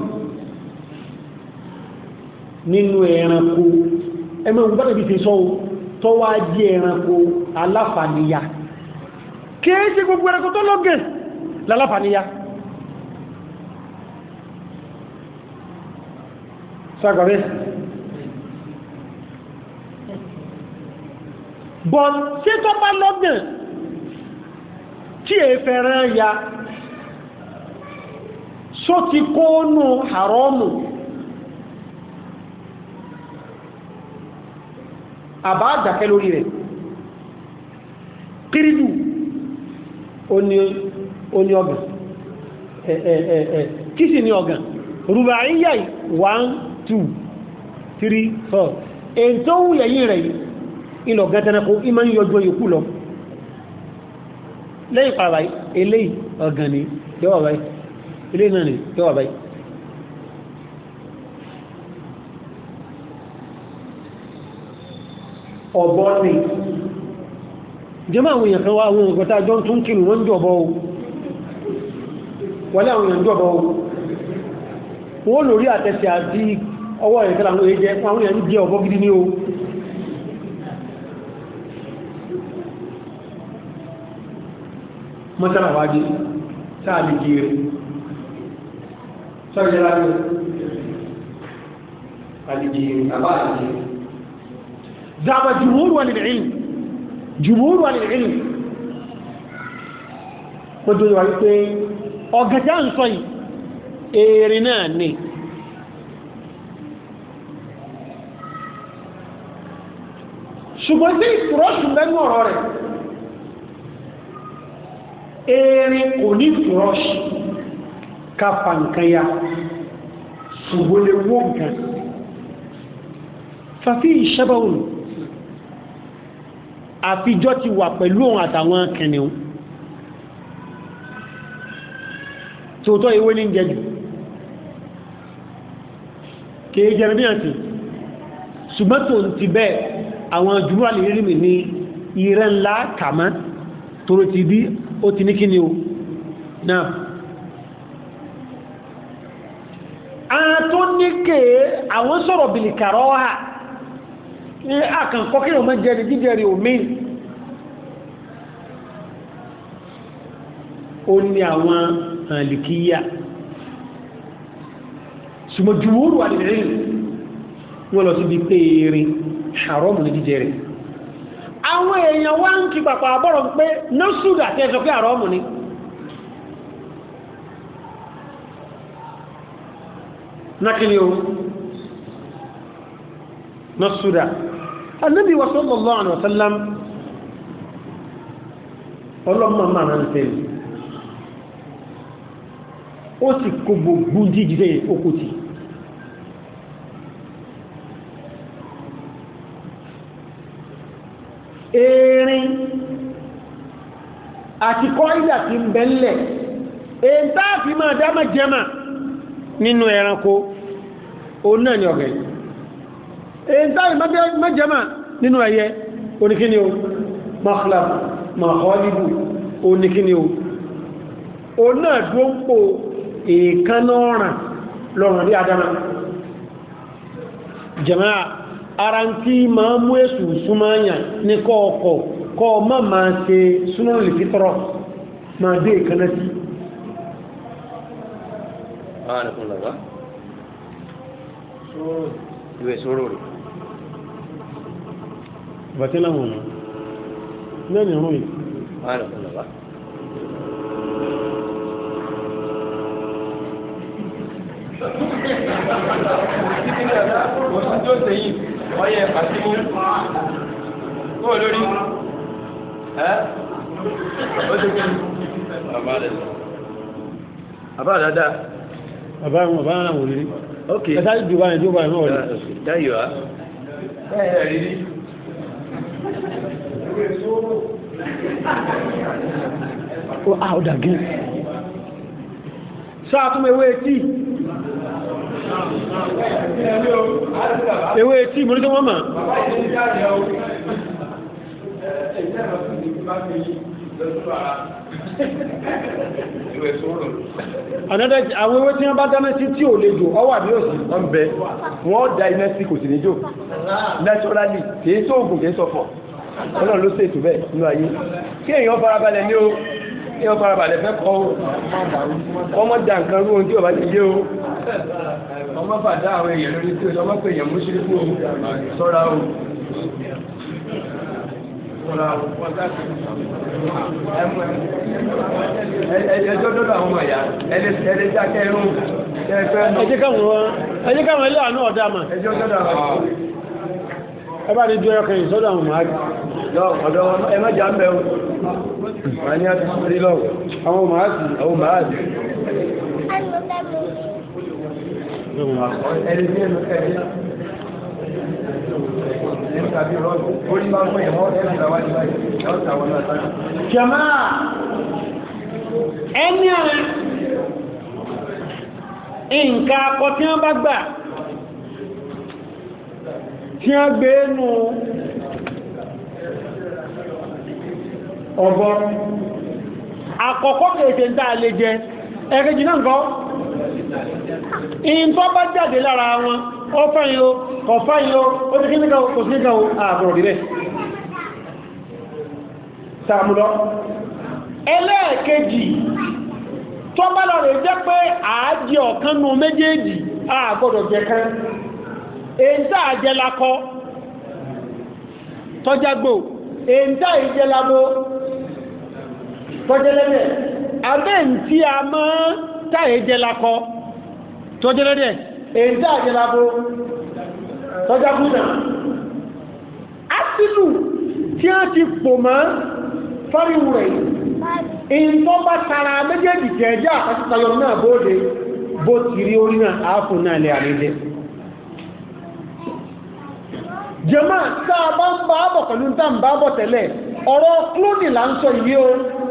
nínú ẹranko ẹmọ ìwọ̀n gbọ́dọ̀ bí ti sọ tó wá jí ẹranko aláfàníyà gbogbo ẹranko tó lọ́gẹ̀ láláfàníyà sọ́gbọ̀n but ṣé tó bá lọ́gàn tí èèfẹ́ rán ya só ti kóónù haramu àbá àdàkẹ́ lórí rẹ̀ kírídù oní ọgàn kìsì ní ọgàn rúbàáyíyà 1 2 3 4 èyí tó wùlẹ̀ yìí rẹ̀ yìí ilọ̀ gátẹ́nàkó ìmọ̀ ń yọjọ́ yòókù lọ lẹ́yìn pàrà báyìí eléyìí ọ̀gàn ni yọ́wà báyìí eléyìí náà ni yọ́wà báyìí ọ̀bọ ni jẹ́mọ́ àwọn èèyàn kan wá àwọn òǹkọ̀tà àjọ tó ń kìlù wọ́n ń jọ̀bọ o wọlé àwọn èèyàn ń o wọ́n lórí àtẹ̀sẹ̀ àti ọwọ́ ìrẹ̀kẹ́lá àwọn èèyàn jẹ́ fún gidi ní o mọ́tàrà wá dé sáà lè di rẹ̀ sọ́rọ̀ yẹra ló àlejì àbá àlejì. zàmà jùmúrù wà nínú ìlú jùmúrù wà nínú ìlú ó dúró wà wípé ọ̀gàdá ń sọ yìí èrè náà ni. ṣùgbọ́n sí ìfúrọ́ṣù mẹ́nu ọ̀rọ̀ rẹ̀ erin kò ní brush ká fa nǹkan ya ṣùgbọ́n lè wó nǹkan fàfi ìṣẹ́bọ̀wò àfijọ́ ti wà pẹ̀lú òun àtàwọn kìnìún tòótọ́ ewé ní jẹjù kìí jẹrẹ bí àti ṣùgbọ́n tó ń ti bẹ́ẹ̀ àwọn jùmọ́ àlè rí ní ìrẹ́ ńlá kàmá tó ti bí ó ti ní kí ni o náà àtúndíkè àwọn sọ̀rọ̀ bìlìkàrọ́ ha ní àkànkọ́ kí ni wọ́n jẹ́ ní jíjẹ́ rí omi ó ní àwọn àlìkíyà ṣùgbọ́n jùwúrù àlìrìn wọ́n lọ sí bí pé erin haram ní jíjẹ́ rẹ̀ èèyàn wá ń kí pàpà àbọ̀rọ̀ pé nọ́sùdù àti ẹ̀sọ́ pé àrọ́ ọmọ ni nákìlì o nọ́sùdà anábì sallallahu alaihi wasallam ọlọ́mọ máa ń tẹ̀lé ó sì kó gbogbo jíjìdẹ̀ okùtì àti kọ́ńdà ti ń bẹ́ńlẹ̀ èyí tá a fi máa dámà jẹ́mà nínú ẹranko òun náà ni ọ̀gẹ̀ èyí tá a fi máa jẹ́mà nínú ẹyẹ oníkíni o makhlaf maholibu oníkíni o òun náà dúró ń pò èèkánná lọ́rùn ní adama jẹ́mà ara ń tí máa mú èsù súnmọ́ àyàn ní kọ́ kọ́ ọmọ máa ṣe súnmọ́ lè fi tọrọ máa dé ìkànnà sí. ìwé sóró rẹ̀. bàtí láwọn ọ̀nà lẹ́nu ìrún yìí. Wọ́n ti tó sẹ́yìn, wọ́n yẹ pàṣẹ Kó lórí àbá dada. àbá wọn àbá náà wò rírí. ok ẹ sáré ju báyìí ju báyìí náà wọlé. dáyọ̀ á. bẹ́ẹ̀ ẹ̀ rírí. ó a ó dàgé. sọ àtúmọ̀ ewé etí. ewé etí mo ní kí wọ́n mọ̀ ẹ̀jẹ̀ lọ sí ìdíjú bá fi lọ́sọ̀ ara. ìwé sọ̀rọ̀. another àwọn ewé tí wọ́n bá dáná sí tí ò le jò ọwọ́ àbí òsì wọ́n bẹ wọ́n da iná sí kò sì ní jò naturally kì í sóògùn kì í sọ̀fọ̀ ọlọ́run ló ṣètò bẹ́ẹ̀ nínú ayé kí èèyàn farabalẹ̀ ní o kí èèyàn farabalẹ̀ fẹ́ kọ́ o ọmọ da nǹkan rú ohun tí ọba ti dé o ọmọ bàdá àwọn èèyàn lórí tí ọmọ pè èèyàn mú sírí fún sọ́ra o. ẹjọ́ dọ́dọ̀ àwọn káwọn ẹjẹ́ àánú ọ̀dà mà. ẹ bá ní ju kẹyìn sọ́dọ̀ àwọn ọmọ àgbà. ọ̀dọ̀ ẹ ń bẹ wà ní àti àwọn ọmọ àwọn ọmọ tàbí rọ́ọ̀lù orí bá ń pè wọ́n ẹ̀rù làwọn ní báyìí wọ́n tà wọn náà jama ẹni à nǹkan akọ tí wọ́n bá gbà tí wọ́n gbé nù ọ̀bọ àkọ́kọ́ kèèṣe ń tà lè jẹ ẹ̀kejì náà ń kọ́ ìǹtọ́ bá jáde lára wọn ó fáyín o kọ̀ fáyín o ó ti kíníkà kò sí níkà ààbùrọ̀ rí bẹ́ẹ̀ sàmúlọ ẹlẹ́ẹ̀kejì tó bá lọ rẹ̀ jẹ́ pé àájẹ ọ̀kan nu méjèèjì àgbọ̀dọ̀ jẹ kan èyí tá àjẹ lakọ tọ́jágbò èyí tá ìjẹ labo tọ́jẹ́lẹ́dẹ̀ abẹ́ ń tí a máa tá a ìjẹ lakọ tọ́jẹ́lẹ́dẹ̀ èdè àjẹlábó tọ́jágúnà ásìlù tí a ti pò mọ́ fọ́ríwù rẹ̀ ìntọ́ bá tara méjèèjì jẹ́jẹ́ àpàtàyọ náà bóde bó ti rí orí náà náà lè àrídẹ́ a bá ń bá bọ̀ pẹ̀lú o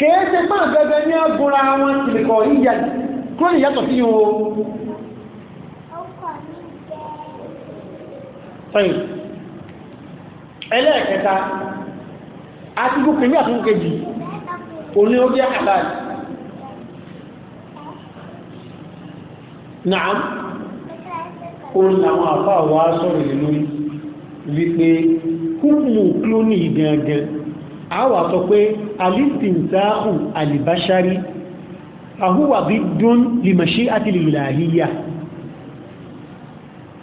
kèé ṣe pé àgbẹ̀gbẹ̀ ní agunra wọn tìlìkọ̀ yíyà kúrò níyàtọ̀ sí yòó. ẹlẹ́ẹ̀kẹta àti gbogbo ìwé àtúnkù kejì òní ó jẹ́ halal náà òun làwọn àfáà wa sọ̀rọ̀ lórí wípé kúkú kúlónì a wà sọ pé alistinsaahu alibashari ahuwa bidun limashi ati lilahiya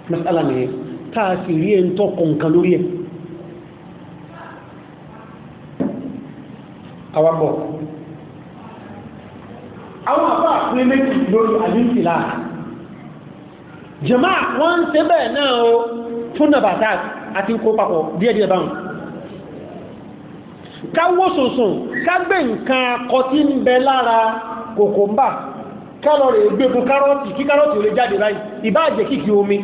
masala ni taa sì rí ẹni tó kọ̀ǹkan lórí ẹ̀ awapọ̀ àwọn àpá àpín méjì lórí àdínsìlá jẹ́mà wọ́n ń ṣe bẹ́ẹ̀ náà o fún nàbàtà àti kó papọ̀ díẹ̀díẹ̀ báwọn ká wó sùnsùn ká gbé nǹkan akọ tí ń bẹ lára kòkòmbà ká lọ rè gbé fún kárọ́ọ̀tì kí kárọ́ọ̀tì ò lè jáde láì ìbáàjẹ́ kìkì omi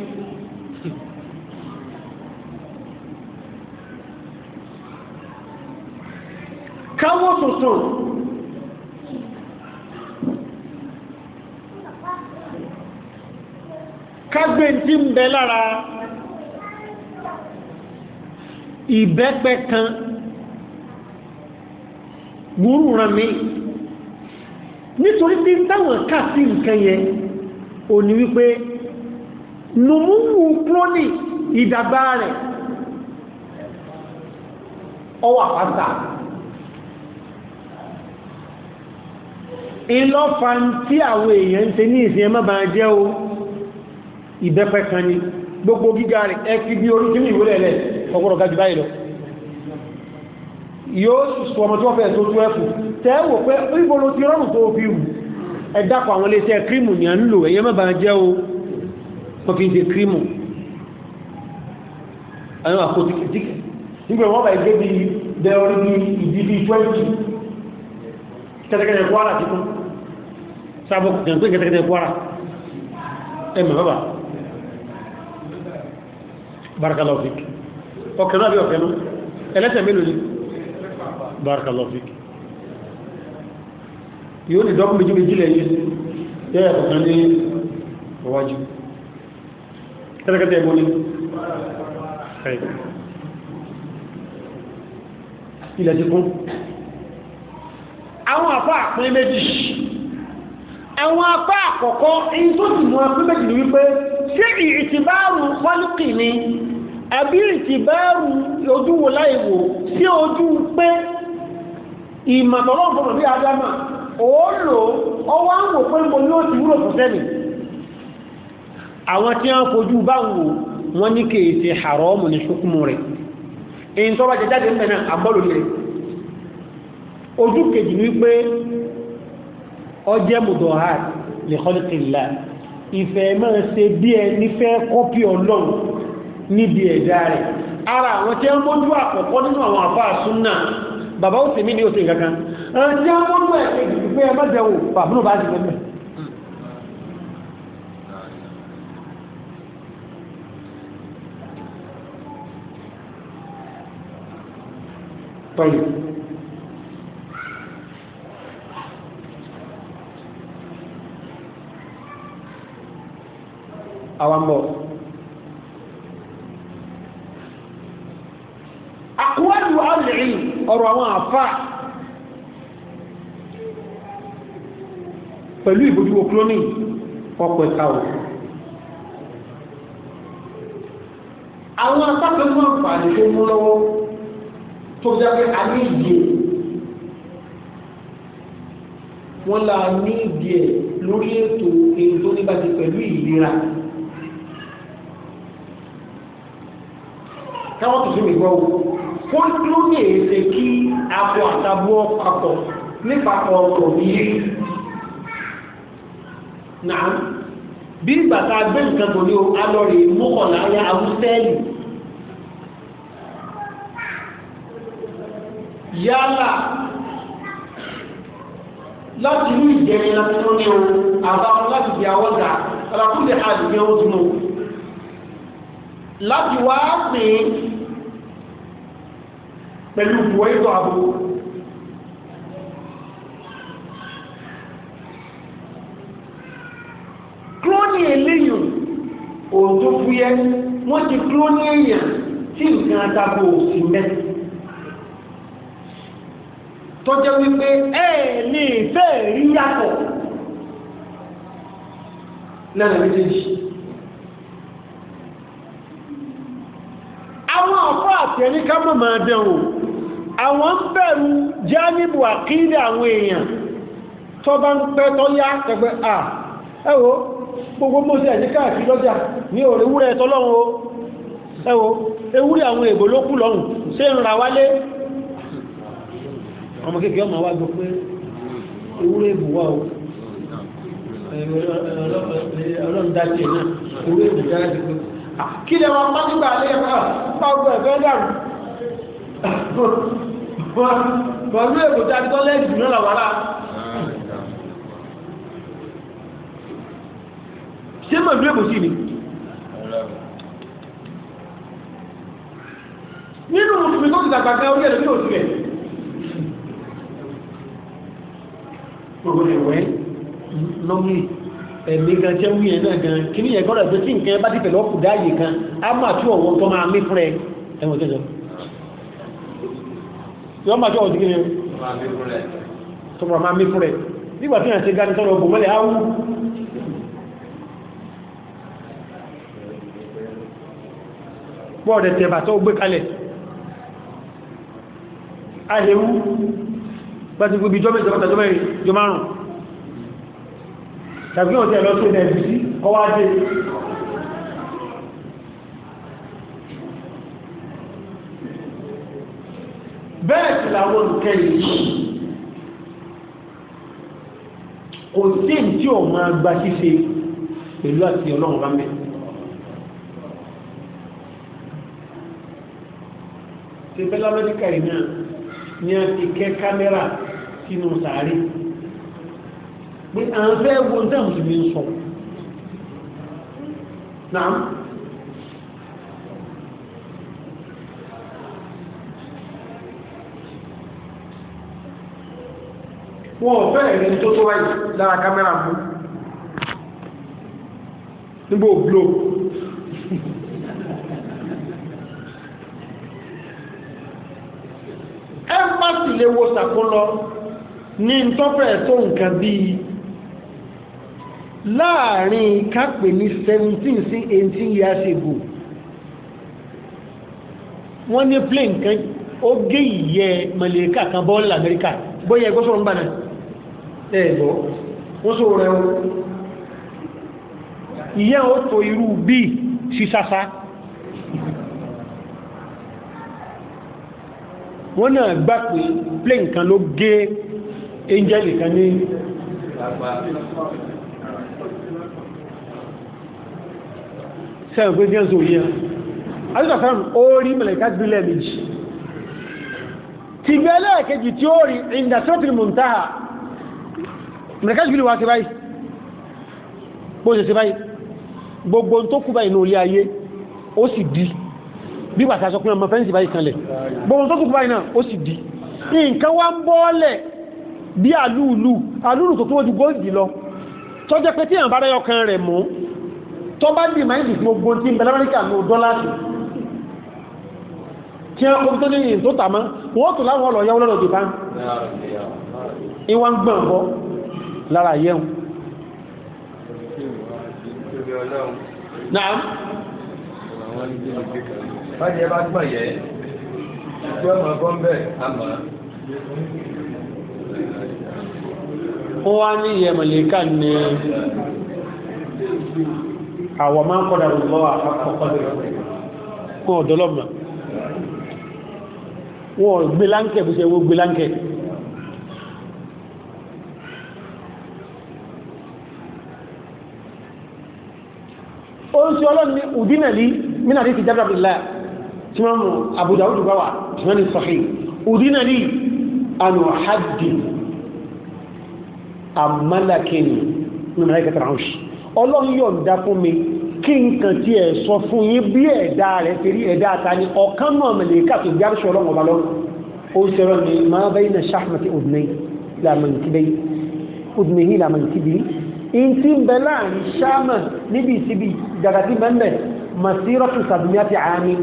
káwọ́ tuntun kágbé tí ń bẹ lára ìbẹ́pẹ kan wúrú ran mi nítorí tí táwọn kà sí nǹkan yẹn ò ní wípé nùmúwù klónì ìdàgbà rẹ̀ ọwọ́ àpáta ìlọ́fà tí àwọn èèyàn ń ṣe ní ìsìn ẹmọ́ bá jẹ́ o ìbẹ́pẹ́ kan ni gbogbo gíga rẹ̀ ẹ fi bí orí kí ní ìwúlẹ̀ lẹ̀ ọgbọ́rọ̀ gájú báyìí lọ yóò sùsù ọmọ tí wọ́n fẹ́ tó tó ẹ̀kù tẹ́wò pé ìbòrò ti rọrùn tó fi rù ẹ̀dàpọ̀ àwọn iléeṣẹ́ kírìmù ni a ń lò ẹ̀yẹ́ mẹ́bàá jẹ́ o wọ́n fi ń ṣe kírìmù àwọn àkótí kìtìkì nígbà wọ́n bá ẹgbẹ́ bí bẹ́ọ̀rí bí ìdí bí 20 kẹ́tẹ́kẹ́tẹ́ kwara ti kún sábọ̀ gẹ̀ǹgbé kẹ́tẹ́kẹ́tẹ́ kwara ẹ̀mẹ̀ bàbá barakallahu fik barakallahu fik yóò ní dọ́kùn méjì méjì lẹ́yìn yẹ́ ẹ̀kọ̀kan ní ọwájú kẹ́tẹ́kẹ́tẹ́ ẹ̀gbọ́n ní ilẹ̀ ti kún àwọn àpá àpín méjì àwọn apá àkọ́kọ́ èyí tó sì mú apín méjì ní wípé ṣé ìtìbáàrù wálùkì ni àbí ìtìbáàrù ojú wo láìwò sí ojú pé ìmọ̀tọ̀lọ́ fọ́nà bí adama òòlò ọwọ́ ń wò pé mo ní ó ti wúlò fún sẹ́mi àwọn tí wọ́n fojú bá ń wò wọ́n ní kèé ṣe haramu ní ṣùkúmù rẹ̀ èyí tó bá jẹ jáde ń bẹ̀ náà àgbọ́lò rẹ̀ ojú kejì ní pé ọjẹ́ mùdọ̀há lè kọ́lùkìlá ìfẹ́ máa ṣe bàbá ó tèmi ní òsè kankan ẹnjẹ amọnú ẹ pé ẹ má dẹwò bàbá náà bá ti gbẹmẹ. طيب awambo akuwa ọ̀rọ̀ àwọn àfà pẹ̀lú ìbójúwò cloning ọ̀pọ̀ ẹ̀ka o. àwọn apákan náà pàdé tó mú lọ́wọ́ tó bí dáké a ní ìdí ẹ̀ wọ́n la ní ìdí lórí ètò èyí tó níbàjẹ́ pẹ̀lú ìlera. káwọn tó sí mi gbọ́ wò ó dúró ní èsè kí akọ àtàbọ̀ papọ̀ nípapọ̀ ọkọ̀ yìí náà bí ìgbà tá a gbé nǹkan tó ní o alọ́rè mọ́kànlá ya awúsẹ́ẹ̀lì yálà láti ní ìjẹrin láti tó ní o àbáwọn láti di àwọ̀dà ọ̀làkùnrin àdìgbẹ́ ó dùn o láti wá pín pẹ̀lú ìwọ ìtọ̀ àbò. kúrónì eléyìí òun tó fúyẹ́ wọ́n ti kúrónì èèyàn tí nǹkan àtàbò òsì mẹ́. tọ́jọ́ wípé ẹ̀ lè fẹ́ rí yàtọ̀ lẹ́nu méjèèjì. àwọn ọ̀pọ̀ àti ẹni ká mọ̀ máa dẹ̀ wò àwọn ń bẹ̀rù jánìbù àkílẹ̀ àwọn èèyàn tó bá ń pẹ́ tó yá pẹ̀pẹ́ à ẹ̀wò gbogbo mọ́sí ẹ̀ ní káàkiri lọ́jà ní òòrè ewúrẹ́ ẹ̀tọ́ lọ́run o ẹ̀wò ewúrẹ́ àwọn èèbò ló kù lọ́rùn ṣé ń ra wálé ọmọ kékeré ọmọ wa gbọ́ pé ewúrẹ́ èèbò wà o ọlọ́run dá tiẹ̀ náà ewúrẹ́ èèbò dára ti pé kí lè wọn pátí gbà lé ẹ̀fọ́ bá gbọ́ ẹ̀fẹ́ dàrú bọ̀ọ̀lù èkó tí a ti tọ́ lẹ́yìn jù náà làwọn ará. ṣé màlúù èkó sí ni. nínú mùsùlùmí tó ti dàgbà gan orí ẹ̀rọ yóò tilẹ̀. gbogbo ẹ̀wẹ́ lọ́mí ẹ̀mí gan jẹ́ wíyẹn náà gan kí ni yẹn gbọ́dọ̀ tó tí nǹkan bá ti pẹ̀lú ọkùnrin ààyè kan á máa tú ọ̀wọ́ tó máa mí fún ẹ ẹ̀wọ̀n tó jọ tí wọ́n máa jọ òdìgí ni tó máa máa mí fún rẹ̀ nígbà tí wọ́n ti gani sọ́rọ̀ ọgbọ̀n mẹ́lẹ̀ áwú pọ́ọ̀dẹ̀ tẹ̀bà tó gbé kalẹ̀ ahewú pẹ́sí gbogbo ìjọ méjì ọ̀tọ̀ mẹ́rin jọ márùn-ún tàbí ọ̀tẹ̀ lọ sí ẹ̀bí sí ọwá dé àwọn nǹkan yìí kò sí tí ò máa gba ṣíṣe pẹ̀lú àti ọlọ́run bá mẹ́. ṣe bẹ́lá yìí náà ni a ti kẹ́ kámẹ́rà sínú sàárè pé à ń fẹ́ wo dáhùn sí mi ń sọ. Nàá. wọn ò fẹ́ ẹ̀rẹ́ tó tó wáyé lára kámẹ́rà mú nígbà òbúlò ẹ́mbàsì lè wo sàkólọ ní ntọ́fẹ́ tó nǹkan bíi láàrin kápẹ́ ní seventeen sí eighteen years ago wọ́n ní plane kan ó gé ìyẹ́ mọ̀lẹ́kà kan bọ́ọ̀lù Amẹ́ríkà bóyá ẹgbẹ́ ń bà náà ẹ̀gbọ́ wọ́n sọ rẹ̀ o ìyá ó tó irú bí sí sásá wọ́n náà gbá pé plane kan ló gé angel kan ní sẹ́wọ̀n pé jẹ́ sọ yẹ́ àjúkà sáàrùn ó rí mẹ́lẹ̀ká gbílẹ̀ méjì tìbẹ̀lẹ̀ kejì tí ó rí ìdàtọ́tìlì mọ̀ntáhà mẹ̀rẹ̀kẹ́sìbìlì wá sí báyìí bó ṣe sí báyìí gbogbo tó kú báyìí ní olé ayé ó sì di bí bàtà sọ pé ọmọ fẹ́ǹsì báyìí kanlẹ̀ gbogbo tó kú báyìí náà ó sì di nǹkan wá ń bọ́ọ̀lẹ̀ bí àlúùlù àlúùlù tó tó wọ́n ju góòdì lọ tó jẹ́ pé tí àwọn bára yọkan rẹ̀ mú tó bá dì máa ń dì gbogbo tí ń bẹ lamẹ́ríkà ní dọ́làsì tí wọ́n kọ́ tó ní ìyìn tó tà mọ́ wọ́n tó láwọn ọlọ́yàwó lọ́dọ̀ lára yẹun. naam. báyìí ẹ bá gbọ́ yẹ ìjọ ọmọ ọgbọ́n bẹ́ẹ̀ àmọ́. ó wá ní ìyẹ̀mọ̀lẹ́kà ní àwọn máa ń kọ́ dàrú lọ́wọ́ àkọ́kọ́ wọn ọ̀dọ́lọ́mọ wọn ò gbé láńkẹ̀ bó ṣe wọ́n gbé láńkẹ̀. sí ọlọ́run ní udinali mínàlí ti jábọ̀ bìlá tí wọ́n mú Abu Dawud bá wà tí wọ́n ní sahih udinali anu hajji amálàkẹ́ni ní mẹ́rin kẹtàrà ọ̀ṣì ọlọ́run yóò dá fún mi kí nǹkan tí ẹ̀ sọ fún yín bí ẹ̀dá rẹ̀ ti rí ẹ̀dá ta ìntí ń bẹ láàrin ṣáàmà níbi ìsibí jàgàtí mẹ́mẹ́ masiratu sàbíyàtì àmì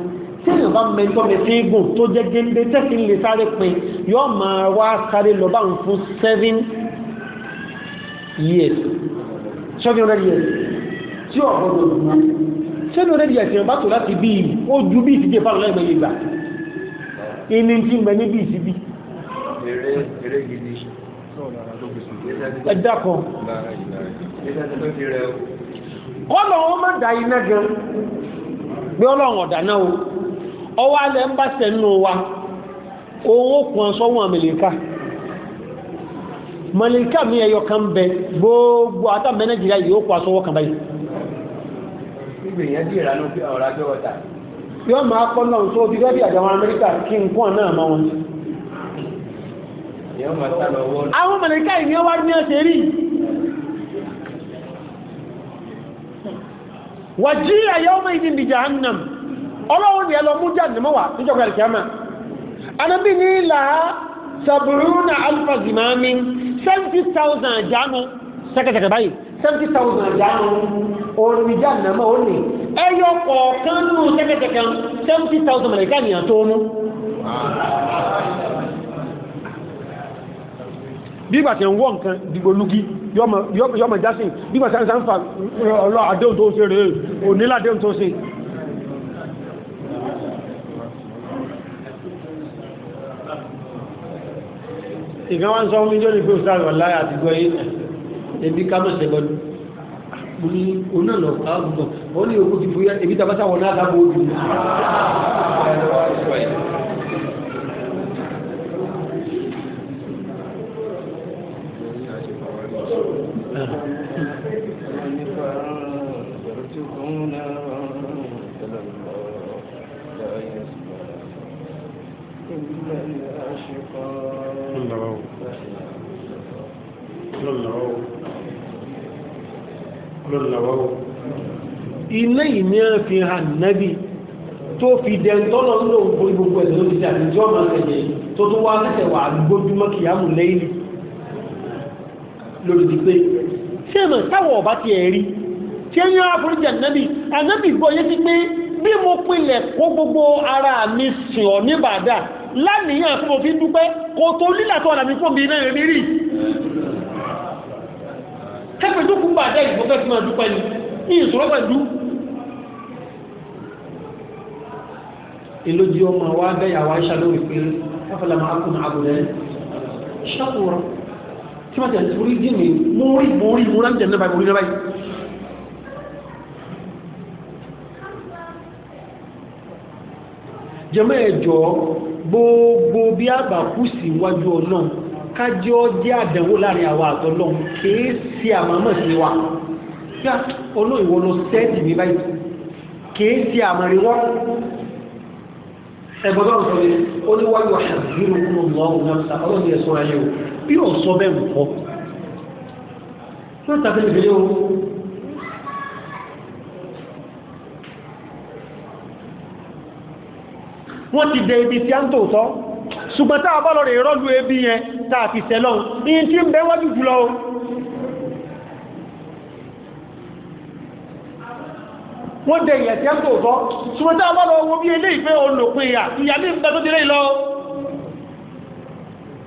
tí ìlú bá mẹ́tọ́ mi fi gùn tó jẹ́ géńdé tẹ́sí lè sáré pin yóò máa wá sáré lọ bá ń fún seven years seven hundred years tí ò gbọdọ̀ lù seven hundred years yẹn bá tó láti bí ojú bí ìsibí ìfàlọ́ lẹ́yìn mẹ́yìn gbà ìní tí ń níbi ìsibí. ẹ dákun. kọ́lọ̀ wọn má da iná gan bí ọlọ́run na náà o ọwọ́ alẹ́ ń bá wa owó kan sọ́wọ́n àmìlẹ́ká mọ̀lẹ́ká mi ẹ̀yọ kan bẹ gbogbo ata nàìjíríà yìí ó kan náà bí àjàwọn kí n kún àná wọn. àwọn mọ̀lẹ́ká ìní ọwá ní ọ̀sẹ̀ rí wà jí àyà ọmọ ìdí ìdíjà annam ọlọ́run ni ẹlọ mú jáde mọ́wà níjọba ìkẹ́mà anábì ní ìlà sabruna alfa zimami seventy thousand àjánú sẹ́kẹ̀sẹ̀kẹ̀ báyìí seventy thousand àjánú olùdíjà nàmọ́ ó ní ẹyọ kọ̀ọ̀kan nù sẹ́kẹ̀sẹ̀kẹ̀ seventy thousand mọ̀lẹ́ká ìyàn bígbà tí ń wọ́ nǹkan dìgbò lúgí yọmọ jásìn bígbà tí ń fa ọlọ́ àdéhùn tó ṣe rèé onílà àdéhùn tó ṣe ìgbọ́n wá ń sọ omi jọ́ ní pé òṣìṣẹ́ àwọn láyé àti gbọ́ yìí ẹbí ká mọ̀ ṣẹ̀gbọ́n mo ní oná lọ káàbùbọ̀ wọ́n ní òkú ti fúyẹ́ èmi tàbátà iná ìní fi hàn nábì tó fi dẹ́ntọ́nà ń gbogbo ẹ̀sìn ló ti dà tó tó wá gbójúmọ́ kìyàmù lẹ́yìn lòdìdí pé ṣéèmọ̀ táwọn ọ̀bá ti ẹ̀rí tí ó yán àforíjì ànábì ànábì gbọ́ yé sí pé bí mo pinlẹ̀ kó gbogbo ara mi sìn ọ́ ní bàdà lánìyàn fún òfin dúpẹ́ kò tó lílà tó ọ̀nà mi fún mi náà rí rí kẹ́pẹ́ tó kún bàdà ìgbó fẹ́ fi máa dúpẹ́ ni ní ìṣòro pẹ̀lú. èlójú ọmọ wa bẹ́yà wa ṣàlórí pé wọ́n fẹ́ lọ́mọ akùn àbùdá ṣàkóra tí wọ́n tẹ̀ torí dì mí mú rí mú rí mú rántẹ̀ nípa ìmúrí náà báyìí. jẹ́mọ́ ẹ̀jọ́ gbogbo bí àbá sí iwájú ọ̀nà kájọ́ jẹ́ àdánwò láàrin àwa àtọ́lọ́n kìí sí àmọ́mọ́ sí wa yá olóòwò lọ sẹ́ẹ̀tì mi báyìí kìí sí àmọ́ríwọ́ ẹ̀gbọ́dọ̀ sọ̀rọ̀ oníwájú àṣàbí ìlú kúrò lọ́wọ́ náà sàkọ́lọ́ bí ò sọ bẹ́ẹ̀ nǹkan yóò ta fẹ́lẹ́fẹ́lẹ́ o. wọ́n ti dẹ ibi tí a ń tòótọ́ ṣùgbọ́n tá a bá lọ rè rọ́lù ebi yẹn tá a fi sẹ́lọ̀ ìyẹn tí ń bẹ wájú jùlọ o. wọ́n dẹ ìyẹn tí a ń tòótọ́ ṣùgbọ́n tá a bá lọ wo bí eléyìí fẹ́ olùpínyà ìyá ní ìgbà tó délé lọ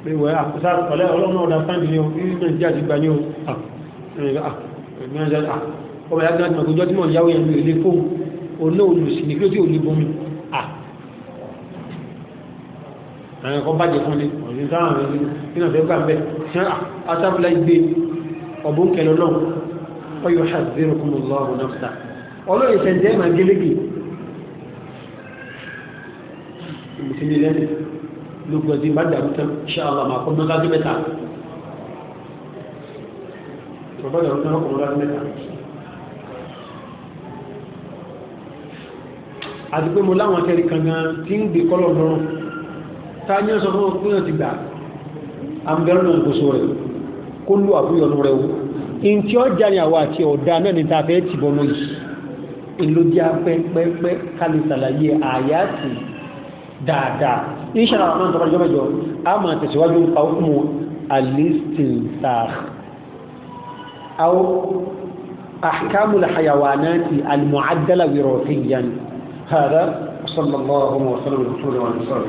pé wẹ́ àkúsá ah, ọ̀lẹ́ ọlọ́run ọ̀dà sáńdì ni o ní nàìjíríà ti gbà ní o ah, ah, ọmọ ìyá gbọ́dọ̀ ọjọ́ tí mò ń yáwó yẹn mi ò lè fóun oná olùsì ní kí ó sì ò lè bomi àwọn ẹ̀kọ́ bàjẹ́ fún mi ọ̀sìn táwọn ọ̀rẹ́ mi nínú ọ̀sẹ̀ gbà bẹ́ẹ̀ ṣé asábìlá ìgbé ọ̀bùn kẹlẹ́ náà ọ̀yọ̀ ṣàzẹ́rù kún un lọ́rùn náà sá ọlọ́run ìṣẹ̀ǹjẹ́ máa lóògùn ẹ̀dín bá dàrú tán ṣáàlà máa kọ́ mẹ́gájú mẹ́ta bàbá dàrú tán ọkọ̀ mẹ́gájú mẹ́ta. àti pé mo láwọn akẹ́rì kan gan tí ń gbé kọ́lọ̀ lọ́rùn tá a ní sọ fún ọkùnrin ti gbà àmúbẹ́rún náà gbòso rẹ̀ kó lù àbúyọ̀nù rẹ̀ wò ntí ọjà ni àwọn àti ọ̀dà náà ní ta fẹ́ tì bọ́nú yìí èlòdì apẹ́pẹ́pẹ́ kálí sàlàyé àyàtì dáadáa inshallah àwọn ọ̀nà ọjọ́ mẹ́jọ a máa tẹ̀síwájú nípa hukumu alistinsakh aw ahkamu alhayawanati almu'addala wirasiyan hada صلى الله وسلم على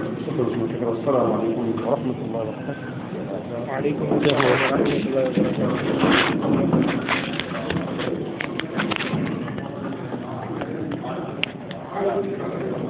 رسول الله والسلام عليكم ورحمه الله وبركاته وعليكم السلام ورحمه الله وبركاته